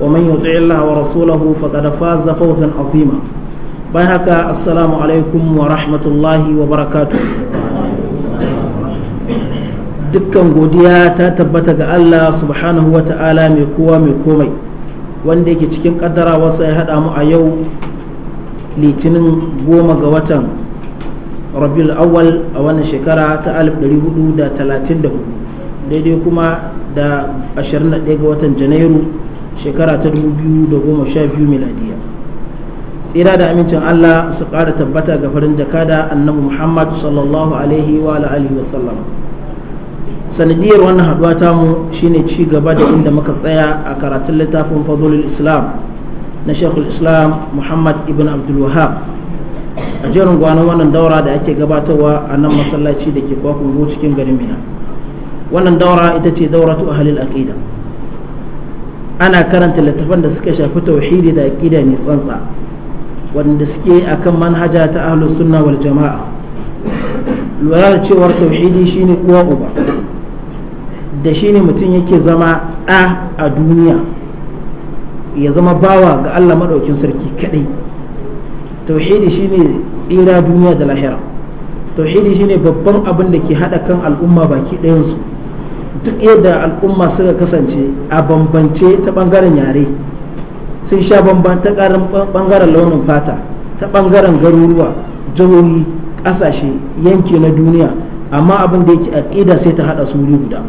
ومن يطع الله ورسوله فقد فاز فوزا عظيما بحك السلام عليكم ورحمة الله وبركاته dukkan godiya ta tabbata ga Allah subhanahu wa ta'ala mai kowa mai komai wanda yake cikin kaddara wasu ya haɗa mu a yau litinin goma ga watan rabiul awwal a wannan shekara ta 1434 daidai kuma da 21 ga watan janairu shekara ta 2012 miladiya tsira da amincin Allah su ƙara tabbata ga farin jakada annabi Muhammad sallallahu alaihi wa alihi wa sallam sanadiyar wannan haduwa mu shine ci gaba da inda muka tsaya a karatun littafin fadlul islam na shekul islam muhammad ibn abdul wahab a jerin gwanon wannan daura da ake gabatarwa a nan masallaci da ke kwakwungo cikin garin mina wannan daura ita ce daura dauratu ahalil aqida ana karanta littafan da suka shafi tauhidi da aqida ne tsantsa wanda suke akan manhaja ta ahlu sunna wal jama'a lura cewar tauhidi shine uwa uba da shine mutum yake zama ɗa a duniya ya zama bawa ga Allah maɗaukin sarki kaɗai tauhidi shine tsira duniya da lahira tauhidi shine babban abin da ke haɗa kan al'umma baki ɗayansu duk yadda al'umma suka kasance a bambance ta bangaren yare sun sha bamban ta bangaren launin fata ta bangaren garuruwa jihohi ƙasashe yanki na duniya amma abin da yake aƙida sai ta haɗa su wuri guda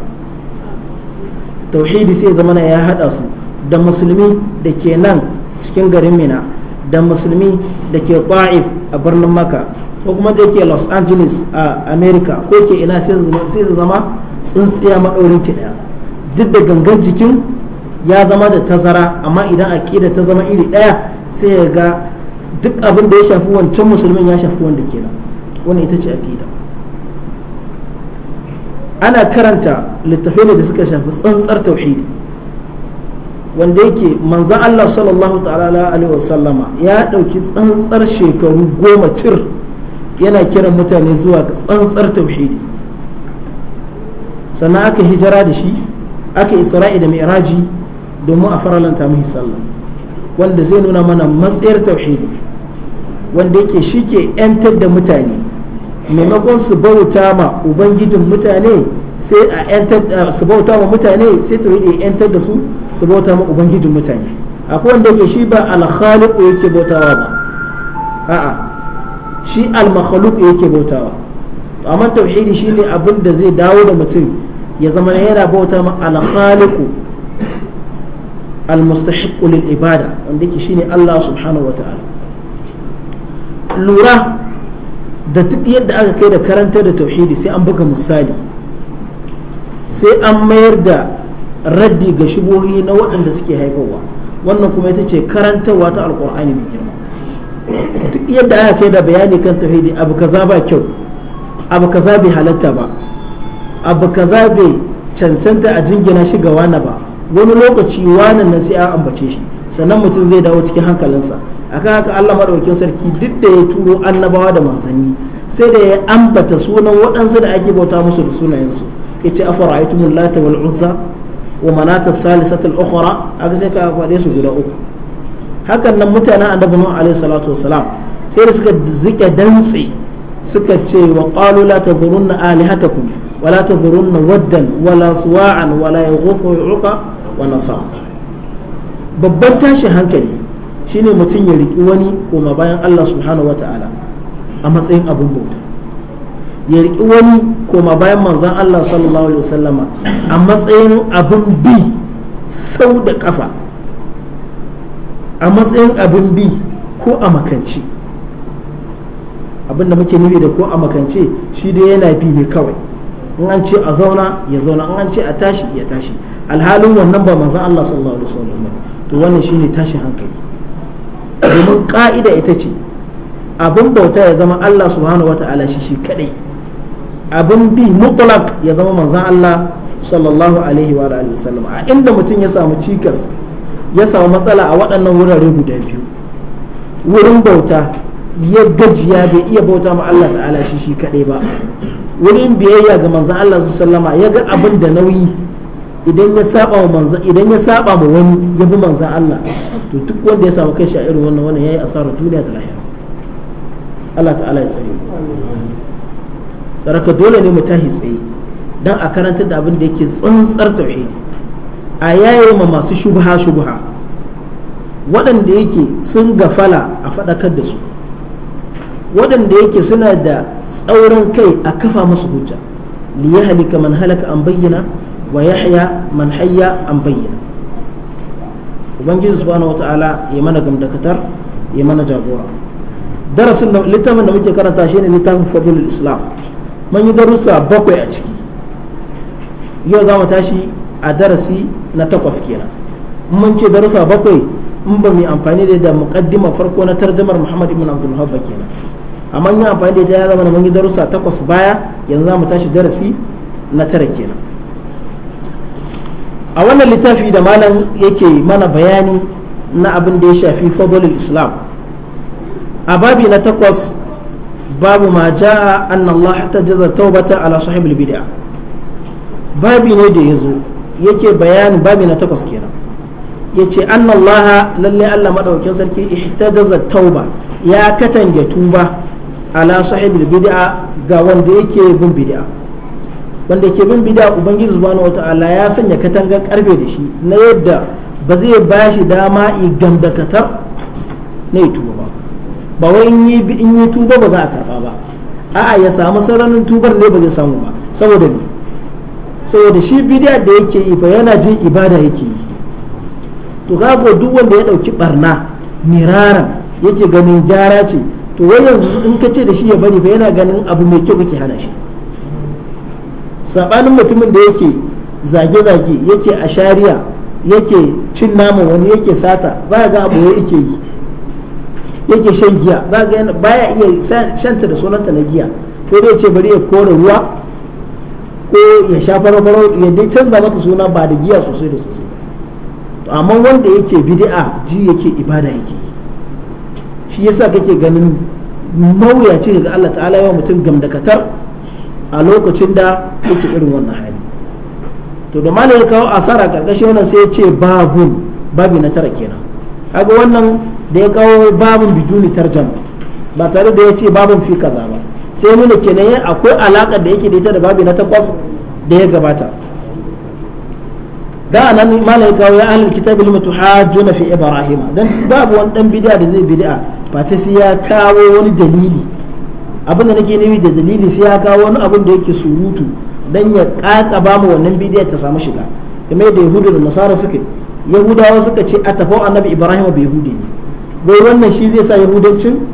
tauhidi sai zamana ya haɗa su da musulmi da ke nan cikin garin mina da musulmi da ke ta'if a birnin maka ko kuma da ke los angeles a america ko ke ina sai su zama tsintsiya maɗaurin ki ɗaya duk da gangan jikin ya zama da tazara amma idan aƙida ta zama iri ɗaya sai ya ga duk abin da ya shafi wancan musulmin ya shafi wanda ke wani ita ce aƙida ana karanta littafai da suka shafi tsantsar tauhidi wanda yake manzan Allah sallallahu ta'ala wa ya ɗauki tsantsar shekaru goma cir yana kiran mutane zuwa tsantsar tauhidi sannan aka hijira da shi aka isra'i da mi'raji domin a faralanta mai sallah wanda zai nuna mana matsayar tauhidi wanda yake shi ke 'yantar da mutane maimakon su bauta ma ubangijin mutane sai a 'yantar su bauta ma mutane sai tauhidi ya 'yantar da su su bauta ma ubangijin mutane akwai wanda yake shi ba alhaliku yake bautawa ba a'a shi almakhaluku yake bautawa amma tauhidi shine abin da zai dawo da mutum ya zama yana bauta ma al-khaliqu lil ibada wanda yake shine Allah subhanahu wata'ala lura da duk yadda aka kai da karanta da tauhidi sai an buga misali sai an mayar da raddi ga shubohi na waɗanda suke haifarwa wannan kuma ita ce karantarwa ta alkur'ani mai girma duk yadda aka kai da bayani kan tauhidi abu kaza ba kyau abu kaza bai halatta ba abu kaza bai cancanta a jingina shi ga wani ba wani lokaci wani nan sai a ambace shi sannan mutum zai dawo cikin hankalinsa akan haka Allah maɗaukin sarki duk da ya turo annabawa da manzanni sai da ya ambata sunan waɗansu da ake bauta musu da sunayensu yace afara'aytumul lata wal uzza wa manata salisa al ukhra aka sai ka faɗe su guda uku hakan nan mutanen annabi Nuh alaihi salatu wasalam sai da suka zike dantse suka ce wa ƙalu la tadhurunna alihatakum wa la na waddan wa la suwa'an wa la yaghufu yuqa wa nasar babban tashin hankali shine mutum ya riki wani koma bayan Allah subhanahu wata'ala a matsayin abun bauta ya riki wani koma bayan manzon Allah sallallahu alaihi wasallama a matsayin abun bi sau da kafa a matsayin abin bi ko a makanci abin da muke nufi da ko a makance shi dai yana bi ne kawai in an ce a zauna ya zauna in an ce a tashi ya tashi alhalin wannan ba manzan Allah sallallahu alaihi wasallam to wannan shine tashin hankali domin ka'ida ita ce abin bauta ya zama Allah subhanahu wata'ala shi shi kadai abin bi mutlaq ya zama manzan Allah sallallahu alaihi wa alihi wasallam a inda mutum ya samu cikas ya samu matsala a waɗannan wurare guda biyu wurin bauta ya gajiya bai iya bauta ma Allah ta'ala shi shi kaɗai ba wurin biyayya ga manzan Allah su sallama ya ga abin da nauyi idan ya saba wa manzan idan ya saba ma wani ya bi manzan Allah to duk wanda ya samu kai shi a irin wannan wannan yayi asara duniya da lahira Allah ta'ala ya tsare saraka dole ne mu tahi tsaye dan a karantar da abin da yake tsantsar tauhidi a yaye ma masu shubha shubha waɗanda yake sun gafala a faɗakar da su waɗanda yake suna da tsaurin kai a kafa musu hujja li halika man halaka an bayyana wa yahya man hayya an bayyana ubangiji subhanahu wataala ya mana gamdakatar ya mana jagora darasin da littafin da muke karanta ne littafin fadilul islam mun yi darussa bakwai a ciki yau za mu tashi a darasi na takwas kenan mun ce darussa bakwai in ba mu amfani da muqaddima farko na tarjamar Muhammad ibn Abdul Wahhab kenan amma yin amfani da ita ya zama da mun yi darussa takwas baya yanzu za mu tashi darasi na tara kenan a wannan littafi da malam yake mana bayani na abin da ya shafi fadlul islam a babi na takwas babu ma ja'a anna Allah jaza taubata ala sahibul bid'a babi ne da yazo yake bayani babi na takwas kenan yace anna Allah lalle Allah madaukakin sarki ihtajaza tauba ya katange tuba ala sahibul bid'a ga wanda yake bin bid'a wanda ke bin bid'a ubangiji subhanahu wata'ala ya sanya katangar karfe da shi na yadda ba zai ba shi dama igam da katar na yi tuba ba ba wai in yi tuba ba za a karba ba a'a ya samu sararin tubar ne ba zai samu ba saboda ne saboda shi bid'a da yake yi fa yana jin ibada yake yi to kaga duk wanda ya dauki barna miraran yake ganin jara ce to wai yanzu in ka ce da shi ya bari fa yana ganin abu mai kyau kake hana shi saɓanin mutumin da yake zage-zage yake a shari'a yake cin nama wani yake sata ba ga abu ya yake yi yake shan giya ba ga baya iya shanta da sunanta na giya ko dai ce bari ya kore ruwa ko ya sha farfaro ya dai canza mata suna ba da giya sosai da sosai amma wanda yake bid'a ji yake ibada yake shi yasa kake ganin mawuyaci ga Allah ta'ala yawa mutum gamdakatar a lokacin da yake irin wannan hali to da malam ya kawo asara karkashin wannan sai ya ce babun babi na tara kenan kaga wannan da ya kawo babun biduni tarjama ba tare da ya ce babun fi kaza ba sai nuna kenan akwai alakar da yake da ita da babi na takwas da ya gabata da nan malai kawo ya ahlul kitab lima tuhajjuna fi ibrahim dan babu wani dan bid'a da zai bid'a ta sai ya kawo wani dalili abin da nake nemi da dalili sai ya kawo wani abin da yake surutu dan ya kakaba mu wannan bid'a ta samu shiga kamar yadda yahudu da nasara suke yahudawa suka ce a tafau annabi ibrahim bai yahudi ne wai wannan shi zai sa yahudancin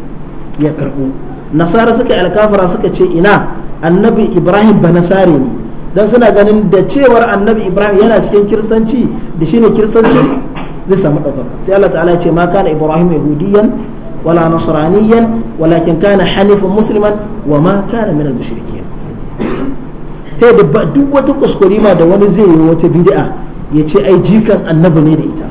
ya karbu nasara suka alkafara suka ce ina annabi ibrahim ba nasare ne don suna ganin da cewar annabi ibrahim yana cikin kiristanci da shine kiristanci zai samu ɗaukaka sai allah ta'ala ce ma kana ibrahim yahudiyan wala nasraniyan walakin kana hanifin musliman wa ma kana minal mushrikin ta yadda duk wata kuskurima da wani zai yi wata bidi'a ya ce ai jikan annabi ne da ita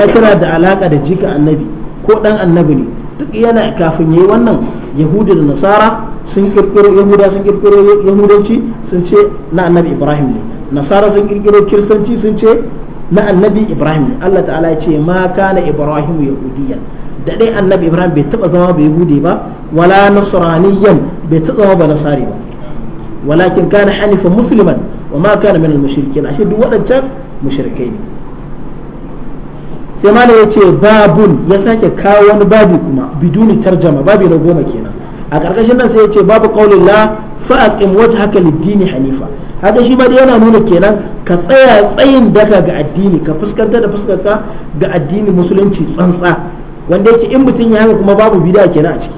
ai tana da alaka da jikan annabi ko dan annabi ne duk yana kafin yayi wannan yahudu da nasara sun kirkiro yahuda sun kirkiro yahudanci sun ce na annabi ibrahim ne nasara sun kirkiro kirsanci sun ce na annabi ibrahim ne allah ta'ala ya ce ma kana ibrahim yahudiyan da dai annabi ibrahim bai taba zama bai yahudi ba wala nasraniyan bai taba zama ba nasari ba walakin kana hanifa musliman wa ma kana min al-mushrikin ashe duk waɗancan mushrikai ne sai ma ya ce babun ya sake kawo wani babi kuma biduni tarjama babi na goma kenan a karkashin nan sai ya ce babu qaulin la fa'aƙin wata haka lid hanifa haka shi ma dai yana nuna kenan ka tsaya tsayin daka ga addini ka fuskantar da fuskanka ga addini musulunci tsantsa wanda yake in mutum ya haka kuma babu bid'a kenan a ciki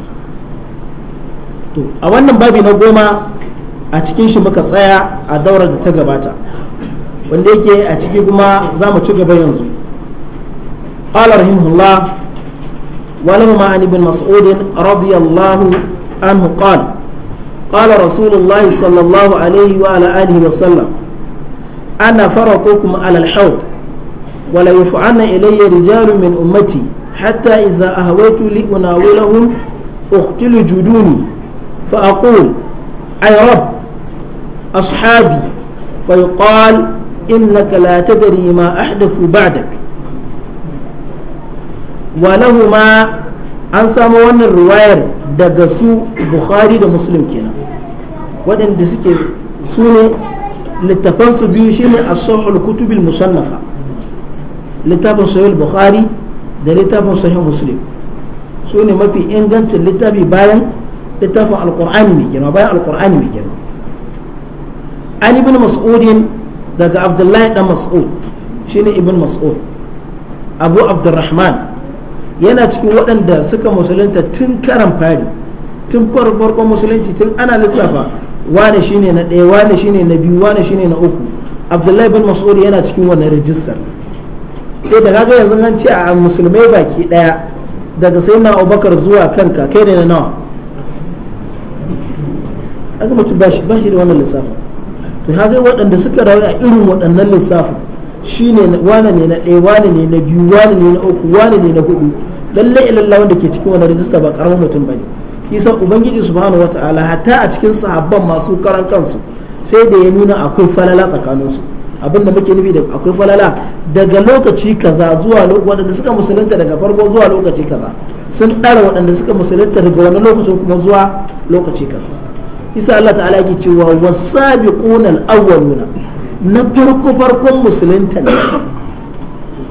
to a wannan babi na goma a cikin shi muka tsaya a daurar da ta gabata wanda yake a ciki kuma za mu ci gaba yanzu قال رحمه الله ولهما عن ابن مسعود عنه قال قال رسول الله صلى الله عليه وعلى آله وسلم أنا فرطكم على الحوض وليفعن إلي رجال من أمتي حتى إذا أهويت لأناولهم أختل جدوني فأقول أي رب أصحابي فيقال إنك لا تدري ما أحدث بعدك ولهما أن ساموان الرواية daga su bukhari da muslim kenan waɗanda suke su ne littafansu biyu ne as-sahul kutubil musannafa littafin sahih bukhari da littafin sahih muslim su ne mafi ingancin littafi bayan littafin alkur'ani mai girma bayan Alkur'ani mai girma an ibn mas'udin daga abdullahi dan mas'ud shine ibn mas'ud abu abdurrahman yana cikin waɗanda suka musulunta tun karan fari tun farkon musulunci tun ana lissafa wane shine na ɗaya wane shine na biyu wane shine na uku abdullahi bin mas'ud yana cikin wannan rijistar sai eh, da kaga yanzu an ce a musulmai baki ɗaya daga sai na abubakar zuwa kanka kai ne na nawa aka mutum ba shi da wannan lissafa to kaga waɗanda suka rayu a irin waɗannan lissafin shi ne wane ne na ɗaya wane ne na biyu wane ne na uku wane ne na hudu lallai ilallah wanda ke cikin wani rajista ba karamin mutum bane kisa ubangiji subhanahu wataala hatta a cikin sahabban masu karan kansu sai da ya nuna akwai falala tsakaninsu abinda muke nufi da akwai falala daga lokaci kaza zuwa waɗanda suka musulunta daga farko zuwa lokaci kaza sun ɗara waɗanda suka musulunta daga wani lokacin kuma zuwa lokaci kaza isa Allah ta'ala ke cewa wasabiquna al-awwaluna na farko farkon musulunta ne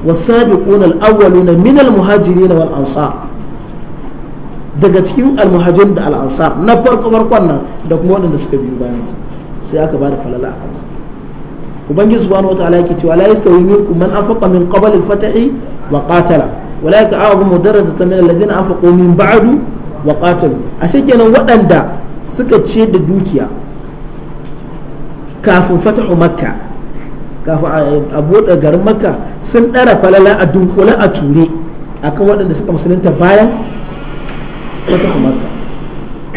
wasabiquna al-awwaluna min al-muhajirin wal ansar daga cikin al-muhajirin da al-ansar na farko farkon nan da kuma waɗanda suka biyo bayan su sai aka bada falala a kansu ubangiji subhanahu wataala yake cewa la yastawi minkum man anfaqa min qabl al-fathi wa qatala walaika a'zamu darajatan min alladhina anfaqu min ba'du wa qatalu ashe kenan waɗanda suka ce da dukiya kafin fatahu makka kafin a buɗe garin makka sun ɗara falala a dunkule a ture akan waɗanda suka musulunta bayan fatahu makka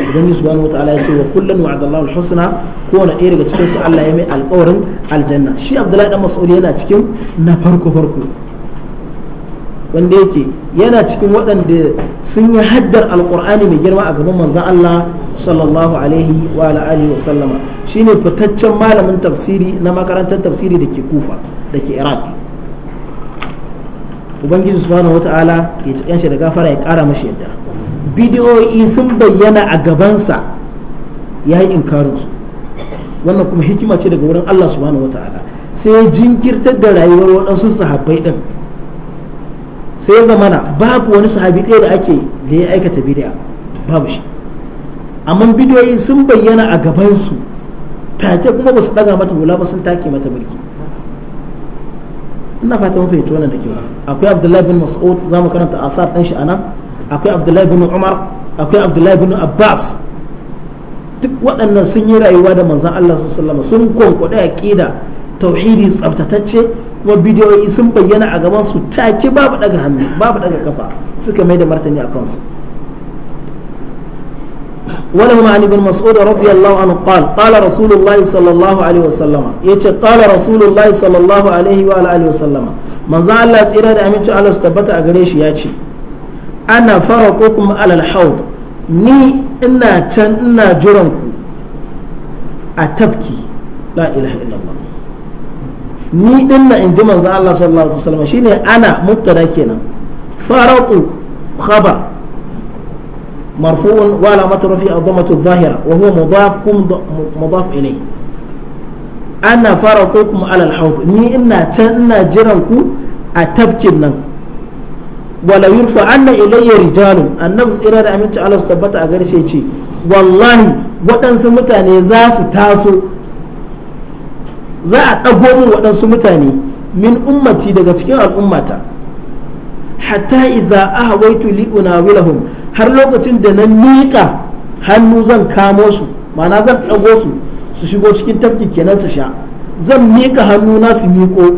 ubangi subhanahu wataala ya ce wa kullun wa'adallahu alhusna kowane ɗaya daga cikin su Allah ya mai alƙawarin aljanna shi Abdullahi dan Mas'ud yana cikin na farko farko wanda yake yana cikin waɗanda sun yi haddar alƙur'ani mai girma a gaban manzan Allah sallallahu alaihi wa alihi wa sallama shine fitaccen malamin tafsiri na makarantar tafsiri da ke kufa da ke iraq ubangiji subhanahu ta'ala ya cikin shi da gafara ya kara mashi yadda bidiyoyi sun bayyana a gabansa ya yi inkarinsu wannan kuma hikima ce daga wurin Allah subhanahu ta'ala sai jinkirtar da rayuwar waɗansu sahabbai ɗin sai zamana babu wani sahabi ɗaya da ake da ya aikata bidiya babu shi amma bidiyoyi sun bayyana a gabansu take kuma ba su ɗaga mata hula ba sun take mata mulki ina fata mun fahimci wannan da kyau akwai abdullahi bin mas'ud za mu karanta asar ɗin shi anan akwai abdullahi bin umar akwai abdullahi bin abbas duk waɗannan sun yi rayuwa da manzan allah sallallahu sun kwankwaɗe aƙida tauhidi tsabtatacce kuma bidiyoyi sun bayyana a gaban su ke babu daga hannu babu daga kafa suka mai da martani a kansu wani ma'an ibn mas'ud radiyallahu anhu qal qala rasulullahi sallallahu alaihi wa sallama yace qala rasulullahi sallallahu alaihi wa alihi wa sallama Allah tsira da aminci Allah su tabbata a gare shi yace ana farakukum alal hawd ni ina can ina jiran ku a tabki la ilaha illallah ni din na in ji manzo Allah sallallahu alaihi wasallam shine ana mubtada kenan faratu khabar مرفوع وعلامة رفيع الضمة الظاهرة وهو مضاف كم مضاف إليه أنا فرطكم على الحوض ني إنا تنا جرنكو أتبتنا ولا يرفع أن إلي رجال النفس إلى أمين تعالى استبت أغرشي والله waɗansu mutane za su taso za a ɗago min waɗansu mutane min ummati daga cikin al'ummata hatta idza ahawaitu li unawilahum har lokacin da na miƙa hannu zan kamo su ma'ana zan ɗago su su shigo cikin tafki kenan su sha zan miƙa hannu na su miƙo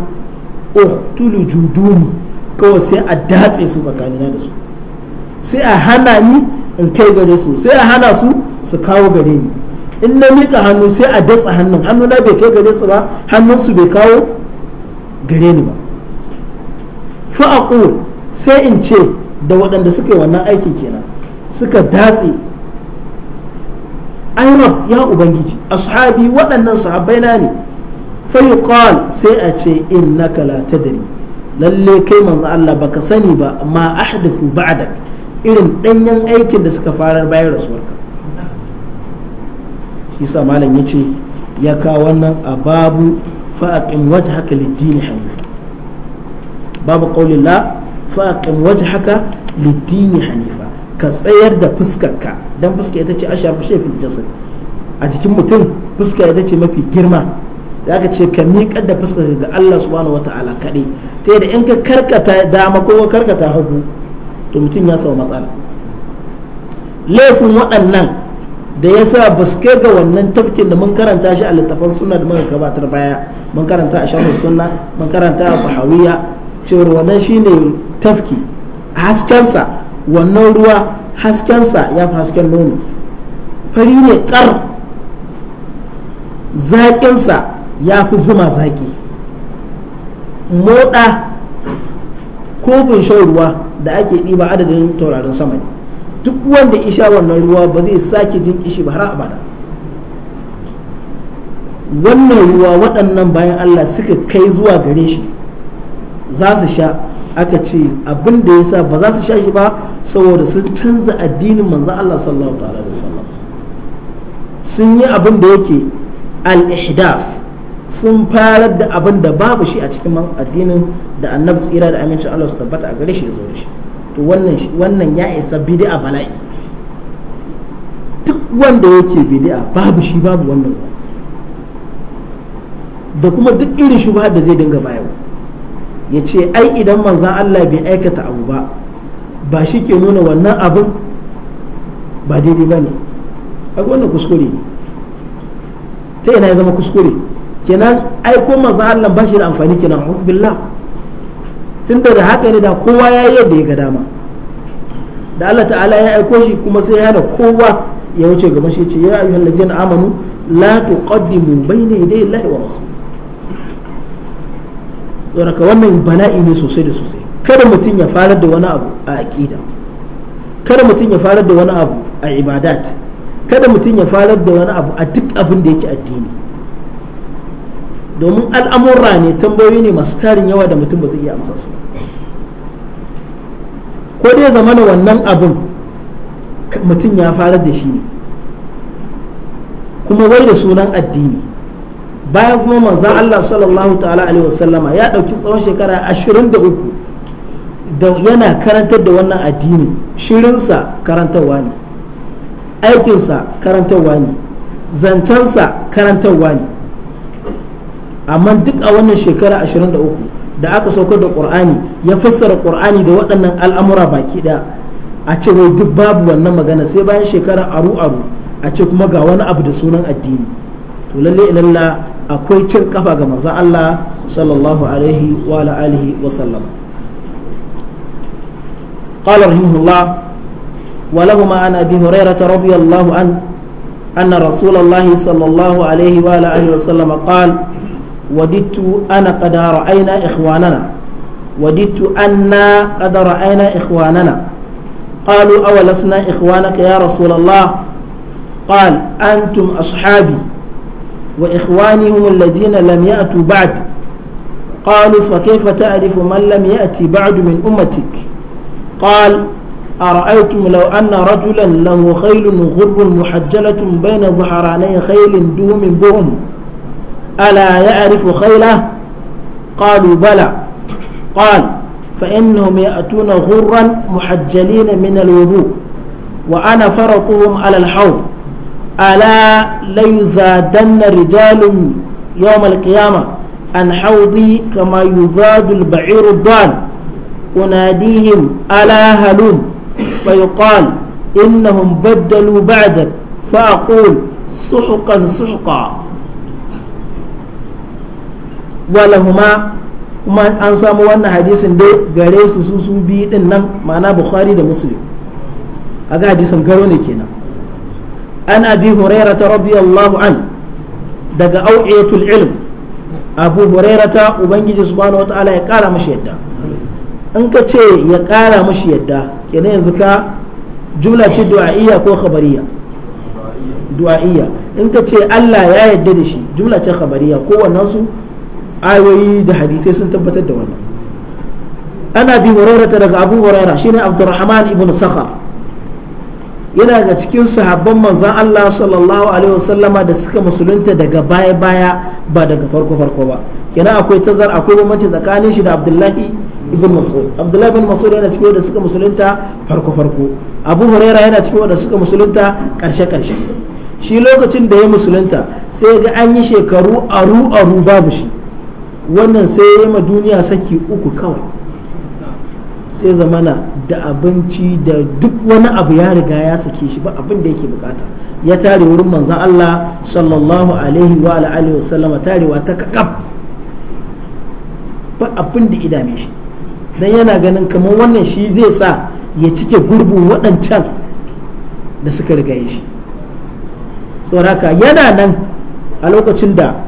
uhtulu juduni kawai sai a datse su tsakanina da su sai a hana ni in kai gare su sai a hana su su kawo gare ni in na mika hannu sai a datsa hannun hannu na bai kai gare su ba hannun su bai kawo gare ni ba fa aqul sai in ce da waɗanda suka yi wannan aikin kenan suka datse ai rab ya ubangiji ashabi waɗannan sahabbai na ne fa yuqal sai a ce innaka la tadri lalle kai manzo Allah baka sani ba ma ahdathu ba'dak irin danyen aikin da suka farar bayan rasuwarka isa malam ya ce ya kawo wannan a babu fa'aƙin waje haka littini hanifa babu qawli la fa'aqim hanifa ka tsayar da fuskarka don fuska ita ce asharfu shayfil jasad a jikin mutum fuska ita ce mafi girma zaka ce ka miƙar da fuska ga Allah subhanahu ta'ala kaɗai ta yadda in ka karkata dama ko karkata hagu to mutum ya samu matsala laifin waɗannan da ya sa ba su kai ga wannan tafkin da mun karanta shi a littafan suna da muka gabatar baya mun karanta a shafin suna mun karanta a fahawiya cewar wannan shi ne tafki haskensa wannan ruwa haskensa ya fi hasken nono fari ne kar zaƙinsa ya fi zuma zaƙi moɗa kofin shan ruwa da ake ɗiba adadin taurarin sama ne duk wanda isha wannan ruwa ba zai sake jin kishi ba har abada wannan ruwa waɗannan bayan Allah suka kai zuwa gare shi za su sha aka ce abin da ya sa ba za su sha shi ba saboda sun canza addinin manzan Allah sallallahu ta'ala da sallam sun yi abin da yake al-ihdaf sun farar da abin da babu shi a cikin addinin da annabi tsira da amincin Allah su tabbata a gare shi ya zo da shi to wannan ya isa bid'a bala'i duk wanda yake bid'a babu shi babu wannan da kuma duk irin shubha da zai dinga bayarwa ya ce ai idan manzan Allah bai aikata abu ba ba shi ke nuna wannan abin ba daidai ba ne ai wannan kuskure ne ta yana ya zama kuskure kenan aiko manzan Allah ba shi da amfani kenan billah tun daga haka ne da kowa ya yi yadda ya ga dama da Allah ta'ala ya aiko shi kuma sai ya hana kowa ya wuce gaban shi ce ya ayyuhal ladzina amanu la tuqaddimu bayna yaday Allahi wa rasul saboda wannan bala'i ne sosai da sosai kada mutum ya farar da wani abu a aqida kada mutum ya farar da wani abu a ibadat kada mutum ya farar da wani abu a duk abin da yake addini domin al'amurra ne tambayoyi ne masu tarin yawa da mutum ba zai iya amsa su ko dai zamana wannan abin mutum ya fara da shi ne kuma wai da sunan addini bayan kuma manzan Allah sallallahu ta'ala alaihi wasallama ya ɗauki tsawon shekara ashirin da da yana karantar da wannan addini shirinsa karantarwa ne aikinsa karantarwa ne zancensa karantarwa ne amma duk a wannan shekara 23 da aka saukar da qur'ani ya fassara qur'ani da waɗannan al'amura baki ɗaya a ce wai duk babu wannan magana sai bayan shekara aru aru a ce kuma ga wani abu da sunan addini to lalle ilalla akwai cin kafa ga manzon Allah sallallahu alaihi wa alihi wa sallam قال رحمه الله ولهما عن ابي هريره رضي الله عنه ان رسول الله صلى الله عليه واله وسلم قال وددت أنا قد رأينا إخواننا وددت أنا قد رأينا إخواننا قالوا أولسنا إخوانك يا رسول الله قال أنتم أصحابي وإخواني هم الذين لم يأتوا بعد قالوا فكيف تعرف من لم يأتي بعد من أمتك قال أرأيتم لو أن رجلا له خيل غرب محجلة بين ظهراني خيل دوم بهم ألا يعرف خيله قالوا بلى قال فإنهم يأتون غرا محجلين من الوضوء وأنا فرطهم على الحوض ألا ليزادن رجال يوم القيامة عن حوضي كما يزاد البعير الضال أناديهم ألا هلوم فيقال إنهم بدلوا بعدك فأقول سحقا سحقا walahuma kuma an samu wannan hadisin dai gare su su su biyu din nan ma'ana bukhari da muslim aga hadisin garo ne kenan an abi ta radiyallahu an daga au'atul ilm abu ta ubangiji subhanahu wataala ya kara mashi yadda in ka ce ya kara mashi yadda kenan yanzu ka jumla ce du'a'iyya ko khabariyya du'a'iyya in ka ce Allah ya yadda da shi jumla ce khabariyya ko wannan su ayoyi da hadithai sun tabbatar da wannan ana bi hurairata daga abu huraira shine abdurrahman ibn sakhar yana ga cikin sahabban manzan Allah sallallahu alaihi wasallama da suka musulunta daga baya baya ba daga farko farko ba kenan akwai tazar akwai bambanci tsakanin shi da abdullahi ibn mas'ud abdullahi ibn mas'ud yana cikin wanda suka musulunta farko farko abu huraira yana cikin wanda suka musulunta karshe karshe shi lokacin da ya musulunta sai ga an yi shekaru aru aru babu shi wannan sai ya ma duniya saki uku kawai sai zamana da abinci da duk wani abu ya riga ya sake shi ba abin da yake bukata ya tare wurin manzan Allah sallallahu alaihi wa alihi wa sallama tarewa ta kakab ba abin da idame shi dan yana ganin kamar wannan shi zai sa ya cike gurbin waɗancan da suka riga shi saboda yana nan a lokacin da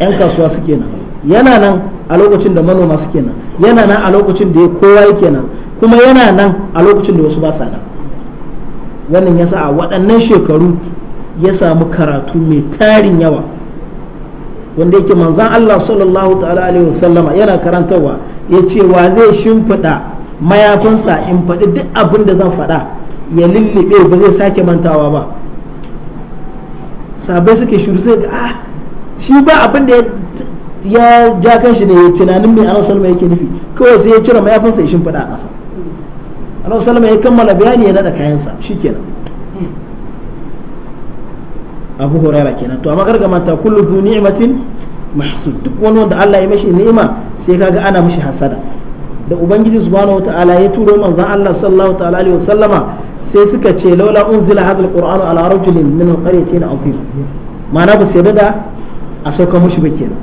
'yan kasuwa suke nan yana nan a lokacin da manoma suke nan yana nan a lokacin da kowa yake nan kuma yana nan a lokacin da wasu ba sa nan wannan yasa a waɗannan shekaru ya samu karatu mai tarin yawa wanda yake manzan Allah sallallahu ta'ala alaihi wasallama yana karantarwa ya ce wa zai shimfiɗa mayafinsa in faɗi duk abin da zan faɗa ya lullube ba zai sake mantawa ba sabai suke shiru sai ga ah shi ba abin da ya ja kan shi ne tunanin mai annabi salma yake nufi kawai sai ya cire mayafinsa ya shimfiɗa a ƙasa annabi salma ya kammala bayani ya naɗa kayansa shi kenan abu huraira kenan to amma karga mata kullu zu ni'matin masu duk wani wanda Allah ya mashi ni'ima sai kaga ana mashi hasada da ubangiji subhanahu wataala ya turo manzon Allah sallallahu ta'ala alaihi wasallama sai suka ce laula unzila hadha alquran ala rajulin min alqaryatin azim ma'ana ba sai da a sauka mushi ba kenan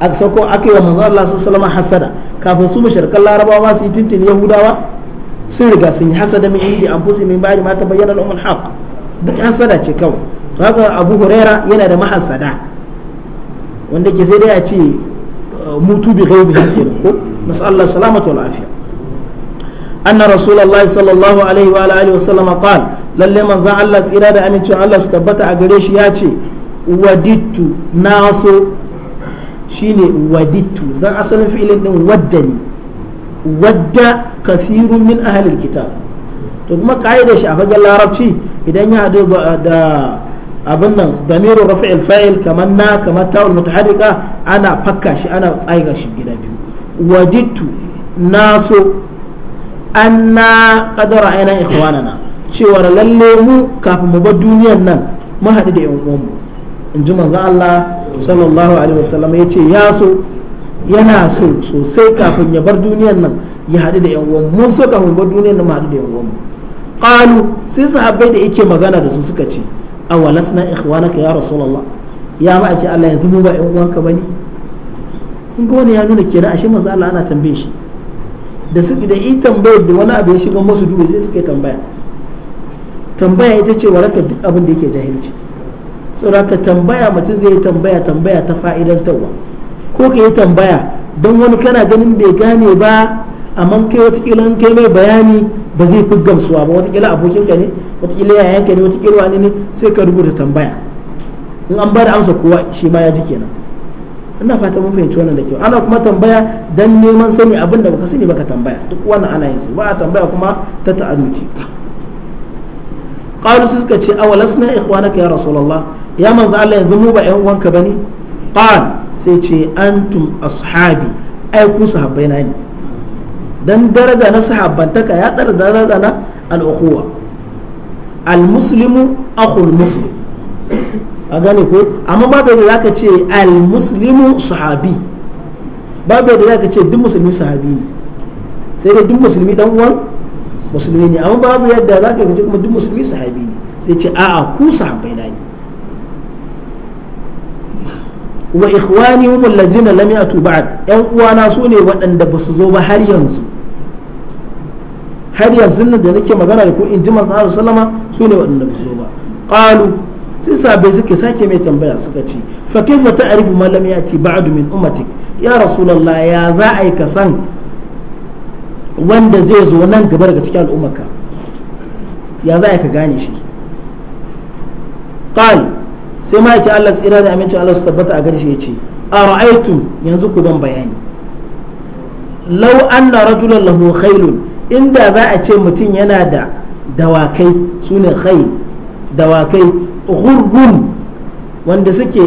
a sauko aka yi wa manzo Allah su hasada kafin su mushrikan larabawa ma su yi tintin yahudawa sun riga sun yi hasada min indi an fusi min ba'di ma tabayyana al-umul haqq duk hasada ce kawai haka Abu Huraira yana da mahasada wanda ke sai dai a ce uh, mutu bi ghaizi kenan ko nas'allahu salamatu wal afiya أن رسول الله صلى الله wa وعلى آله وسلم قال للي من زعل الله سيرا دا أمين شو الله ستبتا أغريش ياتي wadittu na so shine wadittu zan asalin fi'ilin din wadda ne wadda kasiru min ahlil kitab to kuma ka'ida shi a fagen larabci idan ya haɗu da abin nan damiru rafi fa'il kamar na kamar ta'ul harika ana fakka shi ana tsaiga shi gida biyu waditu na so anna ƙadara aina ikhwanana cewa lalle mu kafin mu bar duniyar nan mu haɗu da yan uwanmu in ji manzo Allah sallallahu alaihi wasallam ya ce ya so yana so sosai kafin ya bar duniyan nan ya haɗu da yan mu so kafin bar duniyan nan mu haɗu da yan mu. qalu sai sahabbai da yake magana da su suka ce awalasna ikhwanaka ya rasulullah ya ma ake Allah yanzu mu ba yan uwanka bane in ga wani ya nuna kenan ashe manzo Allah ana tambaye shi da su da yi tambayar da wani abu ya shiga musu duhu sai suka tambaya tambaya ita ce warakar duk abin da yake jahilci saboda tambaya mutum zai yi tambaya tambaya ta fa'idan tawa ko ka yi tambaya don wani kana ganin bai gane ba amma kai watakila in kai mai bayani ba zai fi gamsuwa ba watakila ka ne watakila ka ne watakila wani ne sai ka rubuta tambaya in an bada amsa kowa shi ma ya ji kenan ina fata mun fahimci wannan da kyau ana kuma tambaya dan neman sani abin da baka sani baka tambaya duk wannan ana yin su ba a tambaya kuma ta ta'aduci qalu suka ce awalasna ikhwanaka ya rasulullah ya manzo Allah yanzu mu ba yan uwanka bane qal sai ce antum ashabi ai ku sahabbai na ne dan daraja na sahabbantaka ya dara daraja na al-ukhuwa al-muslimu akhul muslim a gane ko amma babu da zaka ce al-muslimu sahabi babu da zaka ce duk musulmi sahabi ne sai dai duk musulmi dan uwan musulmi ne amma babu yadda zaka ce kuma duk musulmi sahabi ne sai ce a'a ku sahabbai na ne wa ikhwani hum allazina lam yatu ba'd yan uwana su ne waɗanda ba su zo ba har yanzu har yanzu nan da nake magana da ko in ji manzo sallama su ne waɗanda ba su zo ba qalu sai sabai suke sake mai tambaya suka ce fa kaifa ta'rifu man lam yati ba'd min ummatik ya rasulullah ya za a ka san wanda zai zo nan gaba daga cikin al'ummarka ya za a ka gane shi qal sai ma yake Allah tsira da amincin Allah su tabbata a garshe ya ce a ra'aitu yanzu ku ban bayani lau anna rajulan lahu khailun inda za a ce mutum yana da dawakai sune khail dawakai ghurbun wanda suke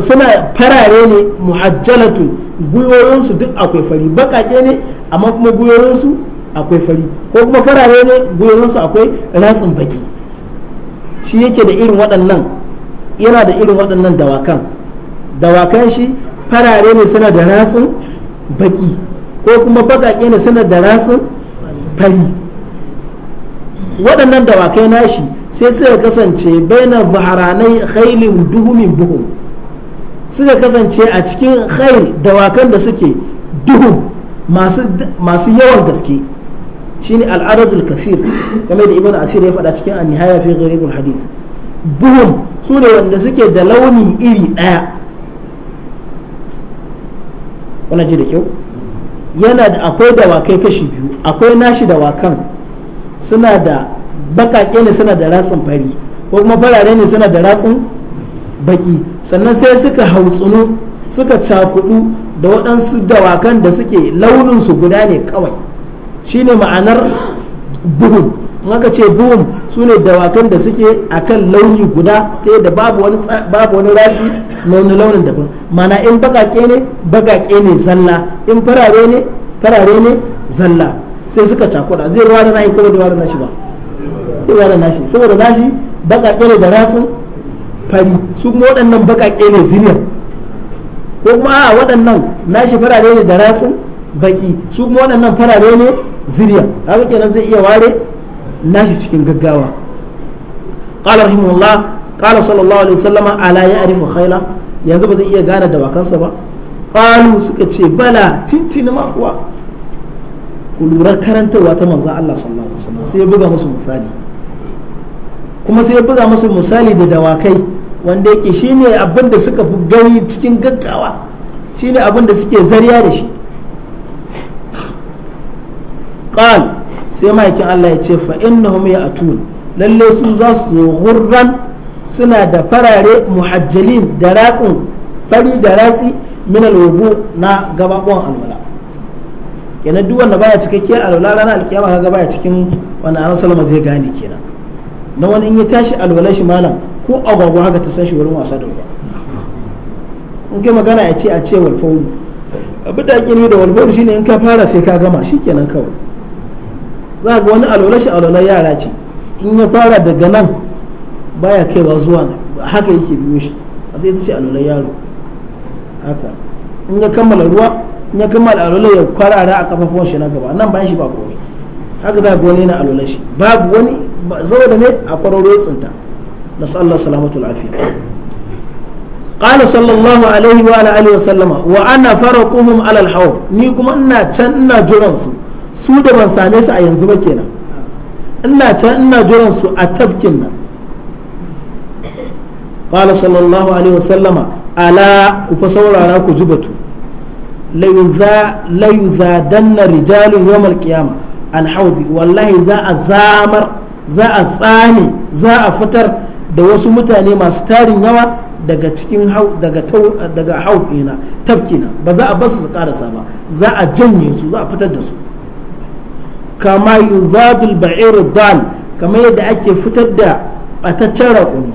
suna farare ne muhajjalatu gwiwoyinsu duk akwai fari bakake ne amma kuma gwiwoyinsu akwai fari ko kuma farare ne gwiwoyinsu akwai ratsin baki shi yake da irin waɗannan yana da irin waɗannan dawakan dawakan shi farare ne suna da ratsin baki ko kuma baƙaƙe ne suna da ratsin fari waɗannan dawakai nashi sai suka kasance baina zaharanai khailin duhumin buhum suka kasance a cikin khail dawakan da suke duhu masu yawan gaske shine al'adadul kasir game da ibn asir ya faɗa cikin an nihaya fi gharibul hadith buhun su ne wanda suke da launi iri ɗaya wani ji da kyau yana da akwai dawakai kashi biyu akwai nashi dawakan suna da bakake ne suna da ratsin fari ko kuma farare ne suna da ratsin baki sannan sai suka hautsunu suka cakudu da waɗansu dawakan da suke launin su guda ne kawai shine ma'anar buhun in aka ce buhum su ne dawakan da suke akan launi guda ta yadda babu wani babu wani launin daban mana in bakake ne bakake ne zalla in farare ne farare ne zalla sai suka cakuda zai ruwa da nashi kuma zai ruwa nashi ba zai ruwa da nashi saboda nashi bakake ne da rasin fari su kuma waɗannan bakake ne zuriya ko kuma a waɗannan nashi farare ne da rasin baki su kuma waɗannan farare ne zuriya haka kenan zai iya ware nashi cikin gaggawa qala rahimahullah qala sallallahu alaihi wasallama ala ya'rifu khayla yanzu ba zai iya gane dawakansa ba qalu suka ce bala tintin ma kuwa ku lura karantarwa ta manzon Allah sallallahu alaihi wasallam sai ya buga musu misali kuma sai ya buga musu misali da dawakai wanda yake shine abin da suka fi gani cikin gaggawa shine abin da suke zariya da shi qalu. sai ma'aikin Allah ya ce fa ya atun lalle su za su hurran suna da farare muhajjalin da ratsin fari da ratsi min alwuzu na gabaɓon almala kenan duk wanda baya cikakkiyar alwala ranar alkiyama kaga baya cikin wannan an salama zai gane kenan na wani in ya tashi alwala shi malam ko agwagwa haka ta san shi wurin wasa da ruwa in kai magana ya ce a ce walfaulu abu da ake da walfaulu shine in ka fara sai ka gama shi kenan kawai za ga wani alwala shi alwala yara ce in ya fara daga nan baya kaiwa zuwa haka yake biyo shi a sai ta ce alwala yaro haka in ya kammala ruwa in ya kammala alwala ya kwarara a kafafuwan shi na gaba nan bayan shi ba komai haka za ga wani yana alwala shi babu wani da ne a kwararo tsinta su Allah salamatu lafiya. قال صلى الله عليه وعلى اله وسلم وانا فرقهم على الحوض ني كما ان كان ان جرنسو su da ban same su a yanzu ba kenan ina can ina jiran su a tafkin nan qala sallallahu alaihi wasallama ala ku fa saurara ku ji batu la danna rijalun yawmal qiyama alhaudi wallahi za a zamar za a tsani za a fitar da wasu mutane masu tarin yawa daga cikin daga haudina tafkina ba za a basu su karasa ba za a janye su za a fitar da su kama yuzadul ba'iru dal kamar yadda ake fitar da ɓataccen raƙumi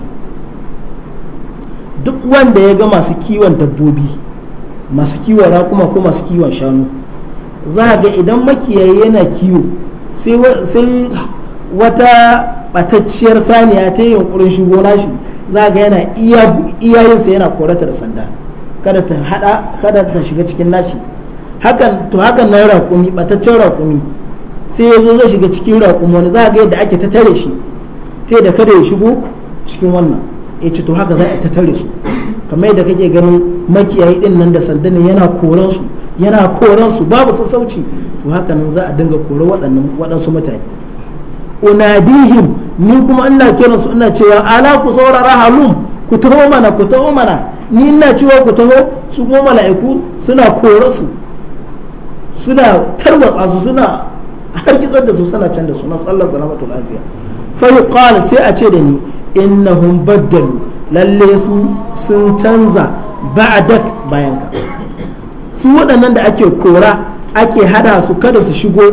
duk wanda ya ga masu kiwon dabbobi masu kiwon raƙuma ko masu kiwon shanu za ga idan makiyayi yana kiwo sai wata ɓatacciyar saniya ta yi yunkurin shigo nashi za ga yana iyayensa yana korata da sanda kada ta shiga cikin nashi hakan to hakan na raƙumi bataccen raƙumi sai ya zo zai shiga cikin raƙum wani za a ga yadda ake ta tare shi ta da kada ya shigo cikin wannan ya ce to haka za a ta su kamar yadda kake ganin makiyayi din nan da sanda yana koran su yana koran su babu sassauci to haka nan za a dinga kore waɗannan waɗansu mutane unadihim ni kuma ina kiran su ina cewa ala ku saurara halum ku taho mana ku taho mana ni ina cewa ku taho su kuma mala'iku suna koran su suna tarwatsa su suna har kitsar da su sana can da sunan sallar salamatul lafiya fa yuqal sai a ce da ni innahum baddalu lalle su sun canza baadak bayan ka su waɗannan da ake kora ake hada su kada su shigo